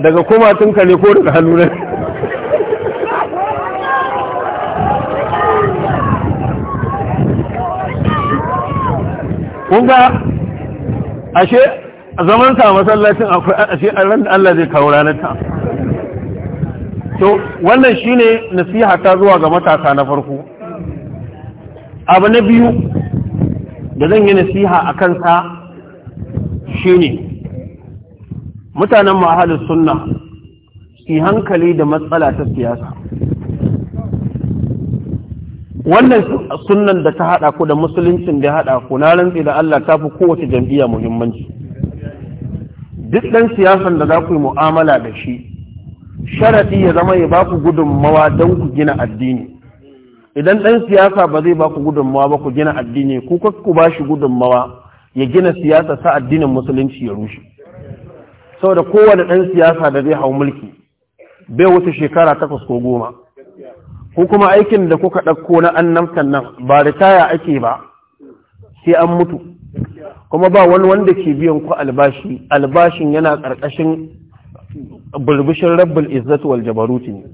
S2: daga kumatun ka ne ko daga hannu kunga ashe a zaman sa masallacin akwai ashe a ran da Allah zai kawo ranar ta to wannan shine nasiha ta zuwa ga matasa na farko abu na biyu da zan yi nasiha a kansa shine mutanen mu ahlus sunna su hankali da matsala ta siyasa wannan sunan da ta haɗa ku da musuluncin da ya haɗa ku na rantsi da Allah ta fi kowace jam'iyya muhimmanci duk ɗan siyasan da za ku yi mu'amala da shi sharaɗi ya zama ya ba ku gudunmawa don ku gina addini idan ɗan siyasa ba zai ba ku gudunmawa ba ku gina addini ku ku ba shi gudunmawa ya gina siyasa sa addinin musulunci ya rushe saboda kowane ɗan siyasa da zai hau mulki bai wuce shekara takwas ko goma ko kuma aikin da kuka ɗauko na annan nan ba ritaya ake ba sai an mutu kuma ba wani wanda ke biyan ku albashi albashin yana ƙarƙashin bulbushin rabbul izzatu wal jabaruti ne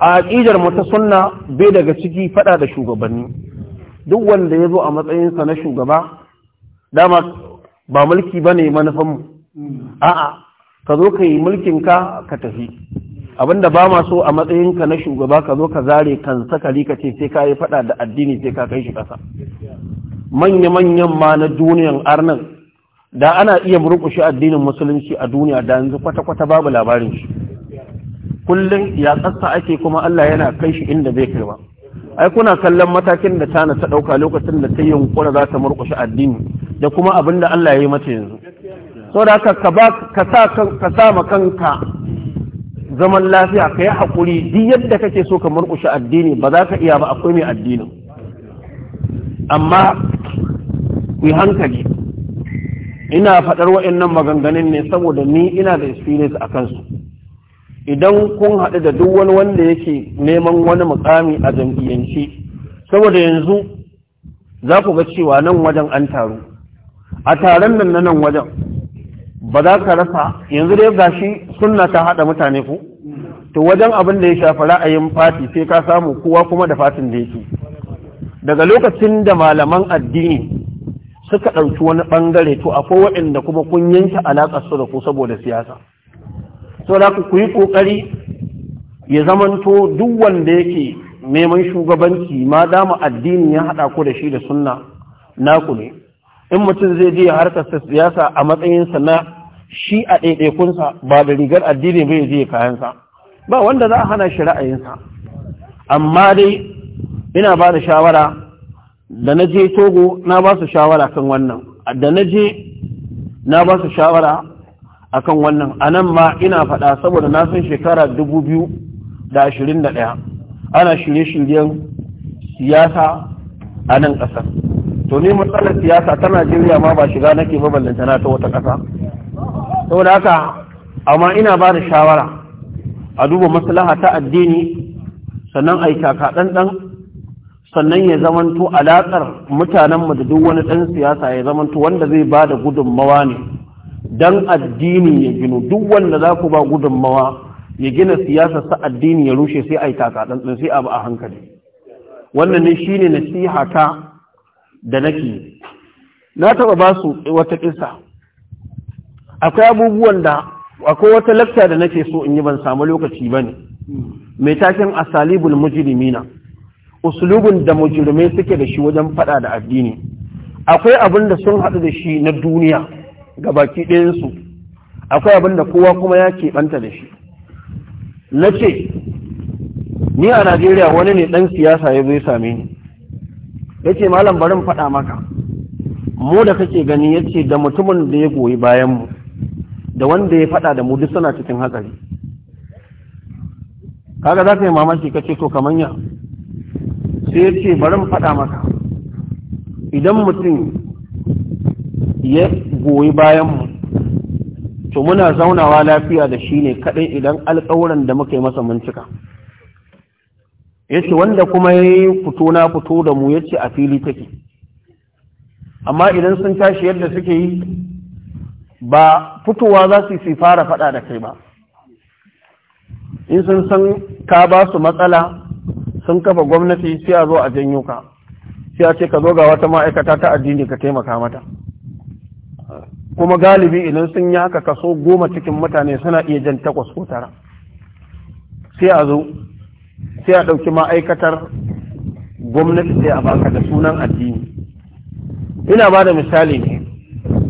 S2: a aƙidar mu ta sunna bai daga ciki faɗa da shugabanni duk wanda ya zo a matsayinsa na shugaba dama ba mulki ba ne manufanmu a'a ka zo ka yi ka, ka tafi abinda ba ma so a matsayinka na shugaba ka zo ka zare kan sakari ka ce sai ka yi fada da addini sai ka kai shi ƙasa manya-manyan ma na duniyan arnan da ana iya murƙushe addinin musulunci a duniya da yanzu kwata-kwata babu labarin shi kullum ya tsatsa ake kuma Allah yana kai shi inda zai kai ba ai kuna kallon matakin da tana ta ɗauka lokacin da ta yi yunkura za ta murƙushe addini da kuma abin da Allah ya yi mata yanzu saboda haka ka sa kanka zaman lafiya ka yi haƙuri duk yadda kake so ka murƙushe addini ba za ka iya ba akwai mai addinin amma ku hankali ina faɗar waɗannan maganganun ne saboda ni ina da experience a kansu idan kun haɗu da duk wani wanda yake neman wani mukami a jam'iyyanci saboda yanzu za ku ga cewa nan wajen an taru a taron nan na nan wajen ba za ka rasa yanzu dai gashi sunna ta haɗa mutane ku to wajen abin da ya shafi ra'ayin fati sai ka samu kowa kuma da fatin da yake daga lokacin da malaman addini suka ɗauki wani ɓangare to akwai waɗanda kuma kun yanke alaƙar su da ku saboda siyasa so da ku yi ƙoƙari ya zamanto duk wanda yake neman shugabanci ma dama addini ya haɗa ku da shi da sunna naku ne in mutum zai je harkar siyasa a matsayinsa na shi a ɗaiɗaikunsa ba da rigar addini ya je kayansa ba wanda za a hana shi ra'ayinsa amma dai ina ba da shawara da na je togo na ba su shawara kan wannan da na je na ba su shawara a kan wannan a nan ma ina faɗa saboda na san shekara dubu biyu da da ashirin ɗaya ana shirye-shiryen siyasa a nan ƙasar to ni matsalar siyasa ta Najeriya ma ba shiga nake ba ballantana ta wata ƙasa saboda haka amma ina ba da shawara a duba maslaha ta addini sannan a yi taka ɗanɗan sannan ya zamanto alaƙar mutanenmu da duk wani ɗan siyasa ya zamanto wanda zai ba da gudunmawa ne don addini ya gino duk wanda za ku ba gudunmawa ya gina siyasa ta addini ya rushe sai a yi taka ɗanɗan sai abu a hankali wannan ne shi shine nasiha ta da nake na taɓa ba su wata ƙisa akwai abubuwan da akwai wata lakta da nake so in yi ban samu lokaci ba ne mai taken asalibul mujrimina usulubun da mujrimai suke da shi wajen faɗa da addini akwai abin da sun haɗu da shi na duniya ga baki ɗayansu akwai abin da kowa kuma ya keɓanta da shi na ce ni a najeriya wani ne ɗan siyasa ya zai same ni yace malam barin faɗa maka mu da kake gani yace da mutumin da ya goyi bayan mu da wanda ya faɗa da mu duk suna cikin hatsari kaga za ka yi mamaki ka ce to kamanya sai ya barin faɗa maka idan mutum ya goyi bayan mu to muna zaunawa lafiya da shi ne kaɗai idan alƙawuran da muka yi masa mun cika yace wanda kuma yayi fito na fito da mu yace a fili take amma idan sun tashi yadda suke yi ba fitowa za su yi fara faɗa da kai ba in sun san ka ba su matsala sun kafa gwamnati sai a zo a janyo ka sai a ce ka zo ga wata ma'aikata ta addini ka taimaka mata kuma galibi idan sun yi haka kaso goma cikin mutane suna iya jan takwas ko tara sai a zo sai a ɗauki ma'aikatar gwamnati sai a baka da sunan addini ina ba da misali ne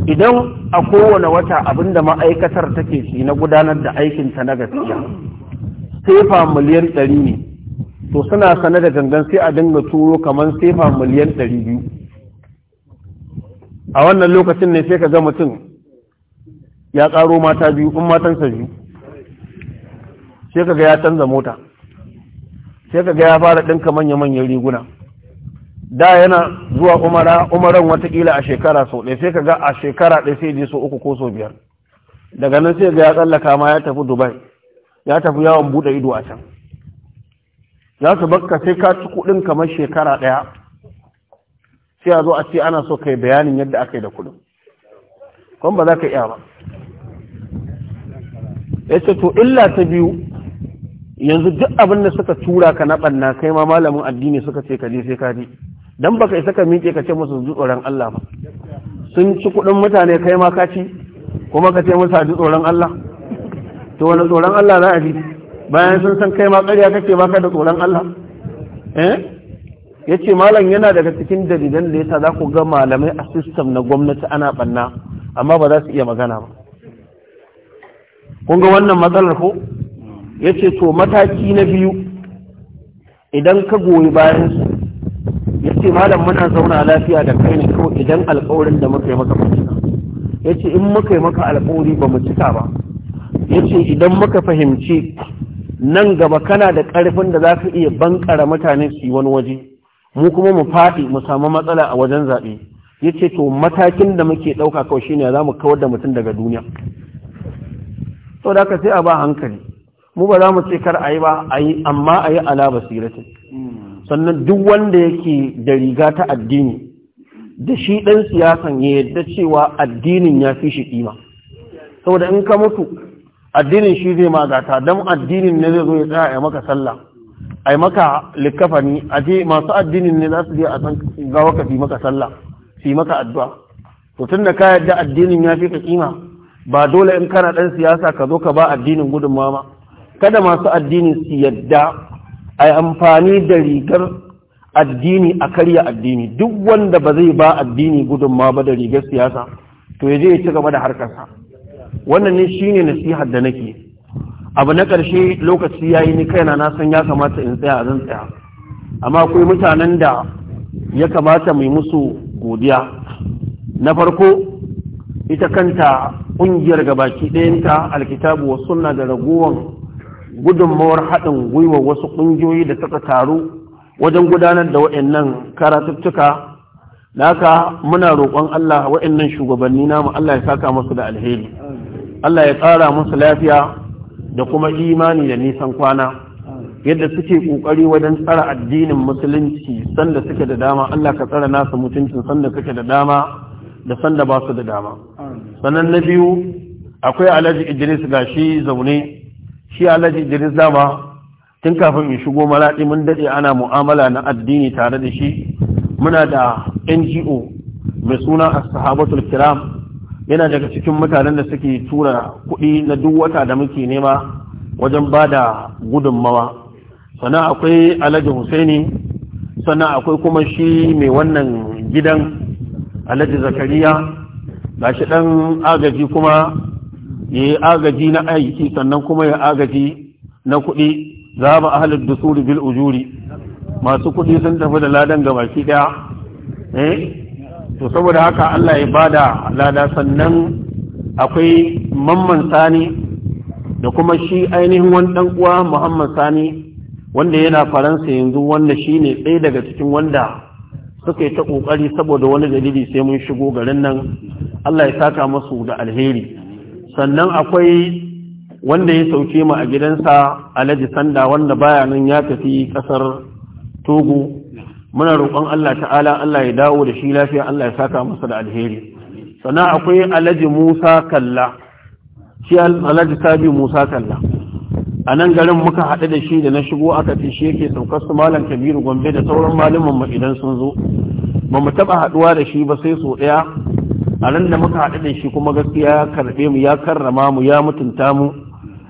S2: idan a kowane wata abin da ma'aikatar take shi na gudanar da aikinta na gaskiya sefa miliyan ɗari ne to suna sane da gangan sai a dinga turo kamar sefa miliyan ɗari biyu a wannan lokacin ne sai ka ga mutum ya ƙaro mata biyu in matansa biyu sai ka ga ya canza mota sai ga ya fara ɗinka manya-manyan riguna da yana zuwa umara umaran watakila a shekara sau ɗaya sai kaga a shekara ɗaya sai je sau uku ko sau biyar daga nan sai ga ya tsallaka ma ya tafi dubai ya tafi yawon buɗe ido a can za su bakka sai ka ci kuɗin kamar shekara ɗaya sai a zo a ce ana so kai bayanin yadda aka yi da kuɗin kuma ba za ka iya ba ya ce to illa ta biyu yanzu duk abin da suka tura ka na ɓanna kai ma malamin addini suka ce ka je sai ka je dan baka isa ka miƙe ka ce musu ji tsoron Allah ba sun ci kuɗin mutane kai ma ka ci kuma ka ce musu ji tsoron Allah to wani tsoron Allah za a ji bayan sun san kai ma ƙarya kake baka da tsoron Allah eh ya ce malam yana daga cikin dalilan da yasa za ku ga malamai a system na gwamnati ana ɓanna, amma ba za su iya magana ba kun ga wannan matsalar ko ya ce to mataki na biyu idan ka goyi bayan su ya malam muna zauna lafiya da kai ne kawai idan alkawarin da muka yi maka ba ya ce in muka yi maka alkawari ba mu cika ba yace ce idan muka fahimci nan gaba kana da ƙarfin da za ka iya bankara mutane su yi wani waje mu kuma mu faɗi mu samu matsala a wajen zaɓe yace to matakin da muke ɗauka kawai shine za mu kawar da mutum daga duniya to da ka sai a ba hankali mu ba za mu ce kar a yi ba a amma a yi ala basiratin sannan duk wanda yake da riga ta addini da shi ɗan siyasan ya yadda cewa addinin ya fi shi ƙima saboda in ka mutu addinin shi zai magata don addinin ne zai zo ya tsaya a maka sallah a maka likafani a je masu addinin ne za su je a san gawa ka fi maka sallah fi maka addu'a to tunda ka yadda addinin ya fi ka ƙima ba dole in kana ɗan siyasa ka zo ka ba addinin gudunmawa kada masu addini su yadda a amfani da rigar addini a karya addini duk wanda ba zai ba addini gudunma ba da rigar siyasa to ya je ya ci gaba da harkarsa wannan ne shine nasihar da nake abu na karshe lokaci yayi yi ni kaina na san ya kamata in tsaya zan tsaya amma akwai mutanen da ya kamata mai musu godiya na farko ita kanta ƙungiyar gabaki ɗayanta alkitabu wa sunna da ragowar gudunmawar haɗin gwiwa wasu ƙungiyoyi da suka taru wajen gudanar da waɗannan karatuttuka naka muna roƙon Allah waɗannan shugabanni namu Allah ya saka musu da alheri Allah ya tsara musu lafiya da kuma imani da nisan kwana yadda suke ƙoƙari wajen tsara addinin musulunci sanda suke da dama Allah ka tsara nasu mutuncin sanda suke da dama da sanda ba su da dama Sanan na biyu akwai alhaji idris gashi zaune shi alhaji idris dama tun kafin in shigo malaɗi mun daɗe ana mu'amala na addini tare da shi muna da ngo mai suna a sahabatul kiram yana daga cikin mutanen da suke tura kuɗi na duk wata da muke nema wajen ba da gudunmawa sannan akwai alhaji husaini sannan akwai kuma shi mai wannan gidan alhaji zakariya Ga shi ɗan agaji kuma ya yi agaji na aiki sannan kuma ya agaji na kuɗi za a ahalar da suri bil ujuri masu kuɗi sun tafi da ladan ga baki ɗaya eh? to saboda haka Allah ya bada lada sannan akwai mamman sani da kuma shi ainihin wani ɗan uwa Muhammad sani wanda yana faransa yanzu wanda shi ne ɗaya daga cikin wanda suka yi ta ƙoƙari saboda wani dalili sai mun shigo garin nan Allah ya saka masu da alheri sannan akwai wanda ya sauke mu a gidansa alhaji sanda wanda baya nan ya tafi kasar togo muna roƙon Allah ta'ala Allah ya dawo da shi lafiya Allah ya saka masa da alheri sannan akwai alhaji musa kalla shi alhaji sabi musa kalla a nan garin muka haɗu da shi da na shigo aka fi shi yake saukar su malam kabiru gombe da sauran malaman mu idan sun zo ba mu taɓa haɗuwa da shi ba sai sau ɗaya a nan da muka haɗu da shi kuma gaskiya ya karɓe mu ya karrama mu ya mutunta mu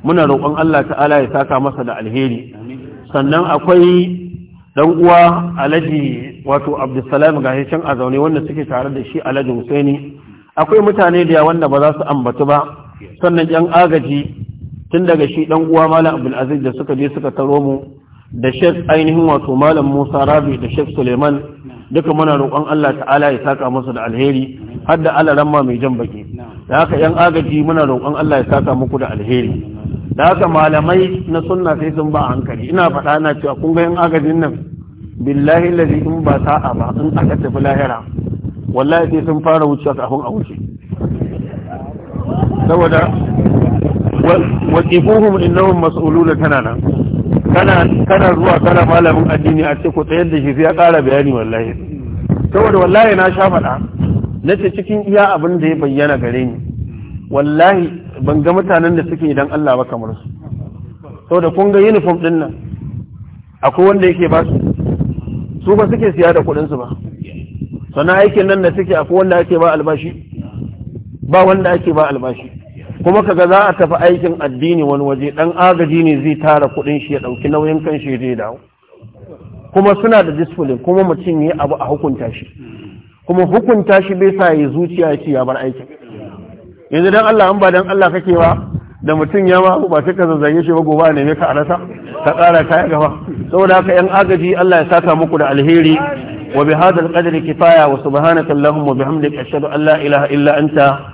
S2: muna roƙon Allah ta'ala ya saka masa da alheri sannan akwai dan uwa Alhaji wato Abdulsalam gashi can a zaune wanda suke tare da shi Alhaji Husaini akwai mutane da wanda ba za su ambatu ba sannan yan agaji tun daga shi dan uwa Malam Abdul Aziz da suka je suka taro mu da Sheikh ainihin wato Malam Musa Rabi da Sheikh Suleiman duka muna roƙon Allah ta'ala ya saka musu da alheri har da alaran ma mai jan baki da haka yan agaji muna roƙon Allah ya saka muku da alheri da haka malamai na sunna sai sun ba hankali ina faɗa na cewa kun ga yan agajin nan billahi lazi in ba sa'a ba in aka tafi lahira wallahi sai sun fara wuce kafin a wuce saboda waqifuhum innahum mas'uluna tana nan kana zuwa kana malamin addini a ce ku tsayar da shi sai ya ƙara bayani wallahi saboda wallahi na sha faɗa na ce cikin iya abin da ya bayyana gare ni wallahi ban ga mutanen da suke idan Allah ba kamar su saboda kun ga uniform din nan akwai wanda yake ba su su ba suke siya da kuɗin su ba sannan aikin nan da suke akwai wanda ake ba albashi ba wanda ake ba albashi kuma kaga za a tafi aikin addini wani waje dan agaji ne zai tara kuɗin shi ya ɗauki nauyin kan shi zai dawo kuma suna da discipline kuma mutum ya abu a hukunta shi kuma hukunta shi bai sa ya zuciya ya ce ya bar aikin yanzu dan Allah an ba dan Allah kake ba da mutum ya ma ba sai ka zazzage shi ba gobe ne me ka arasa ka tsara kaya gaba saboda haka yan agaji Allah ya saka muku da alheri wa bi hadal qadri kifaya wa subhanaka allahumma bihamdika ashhadu an la ilaha illa anta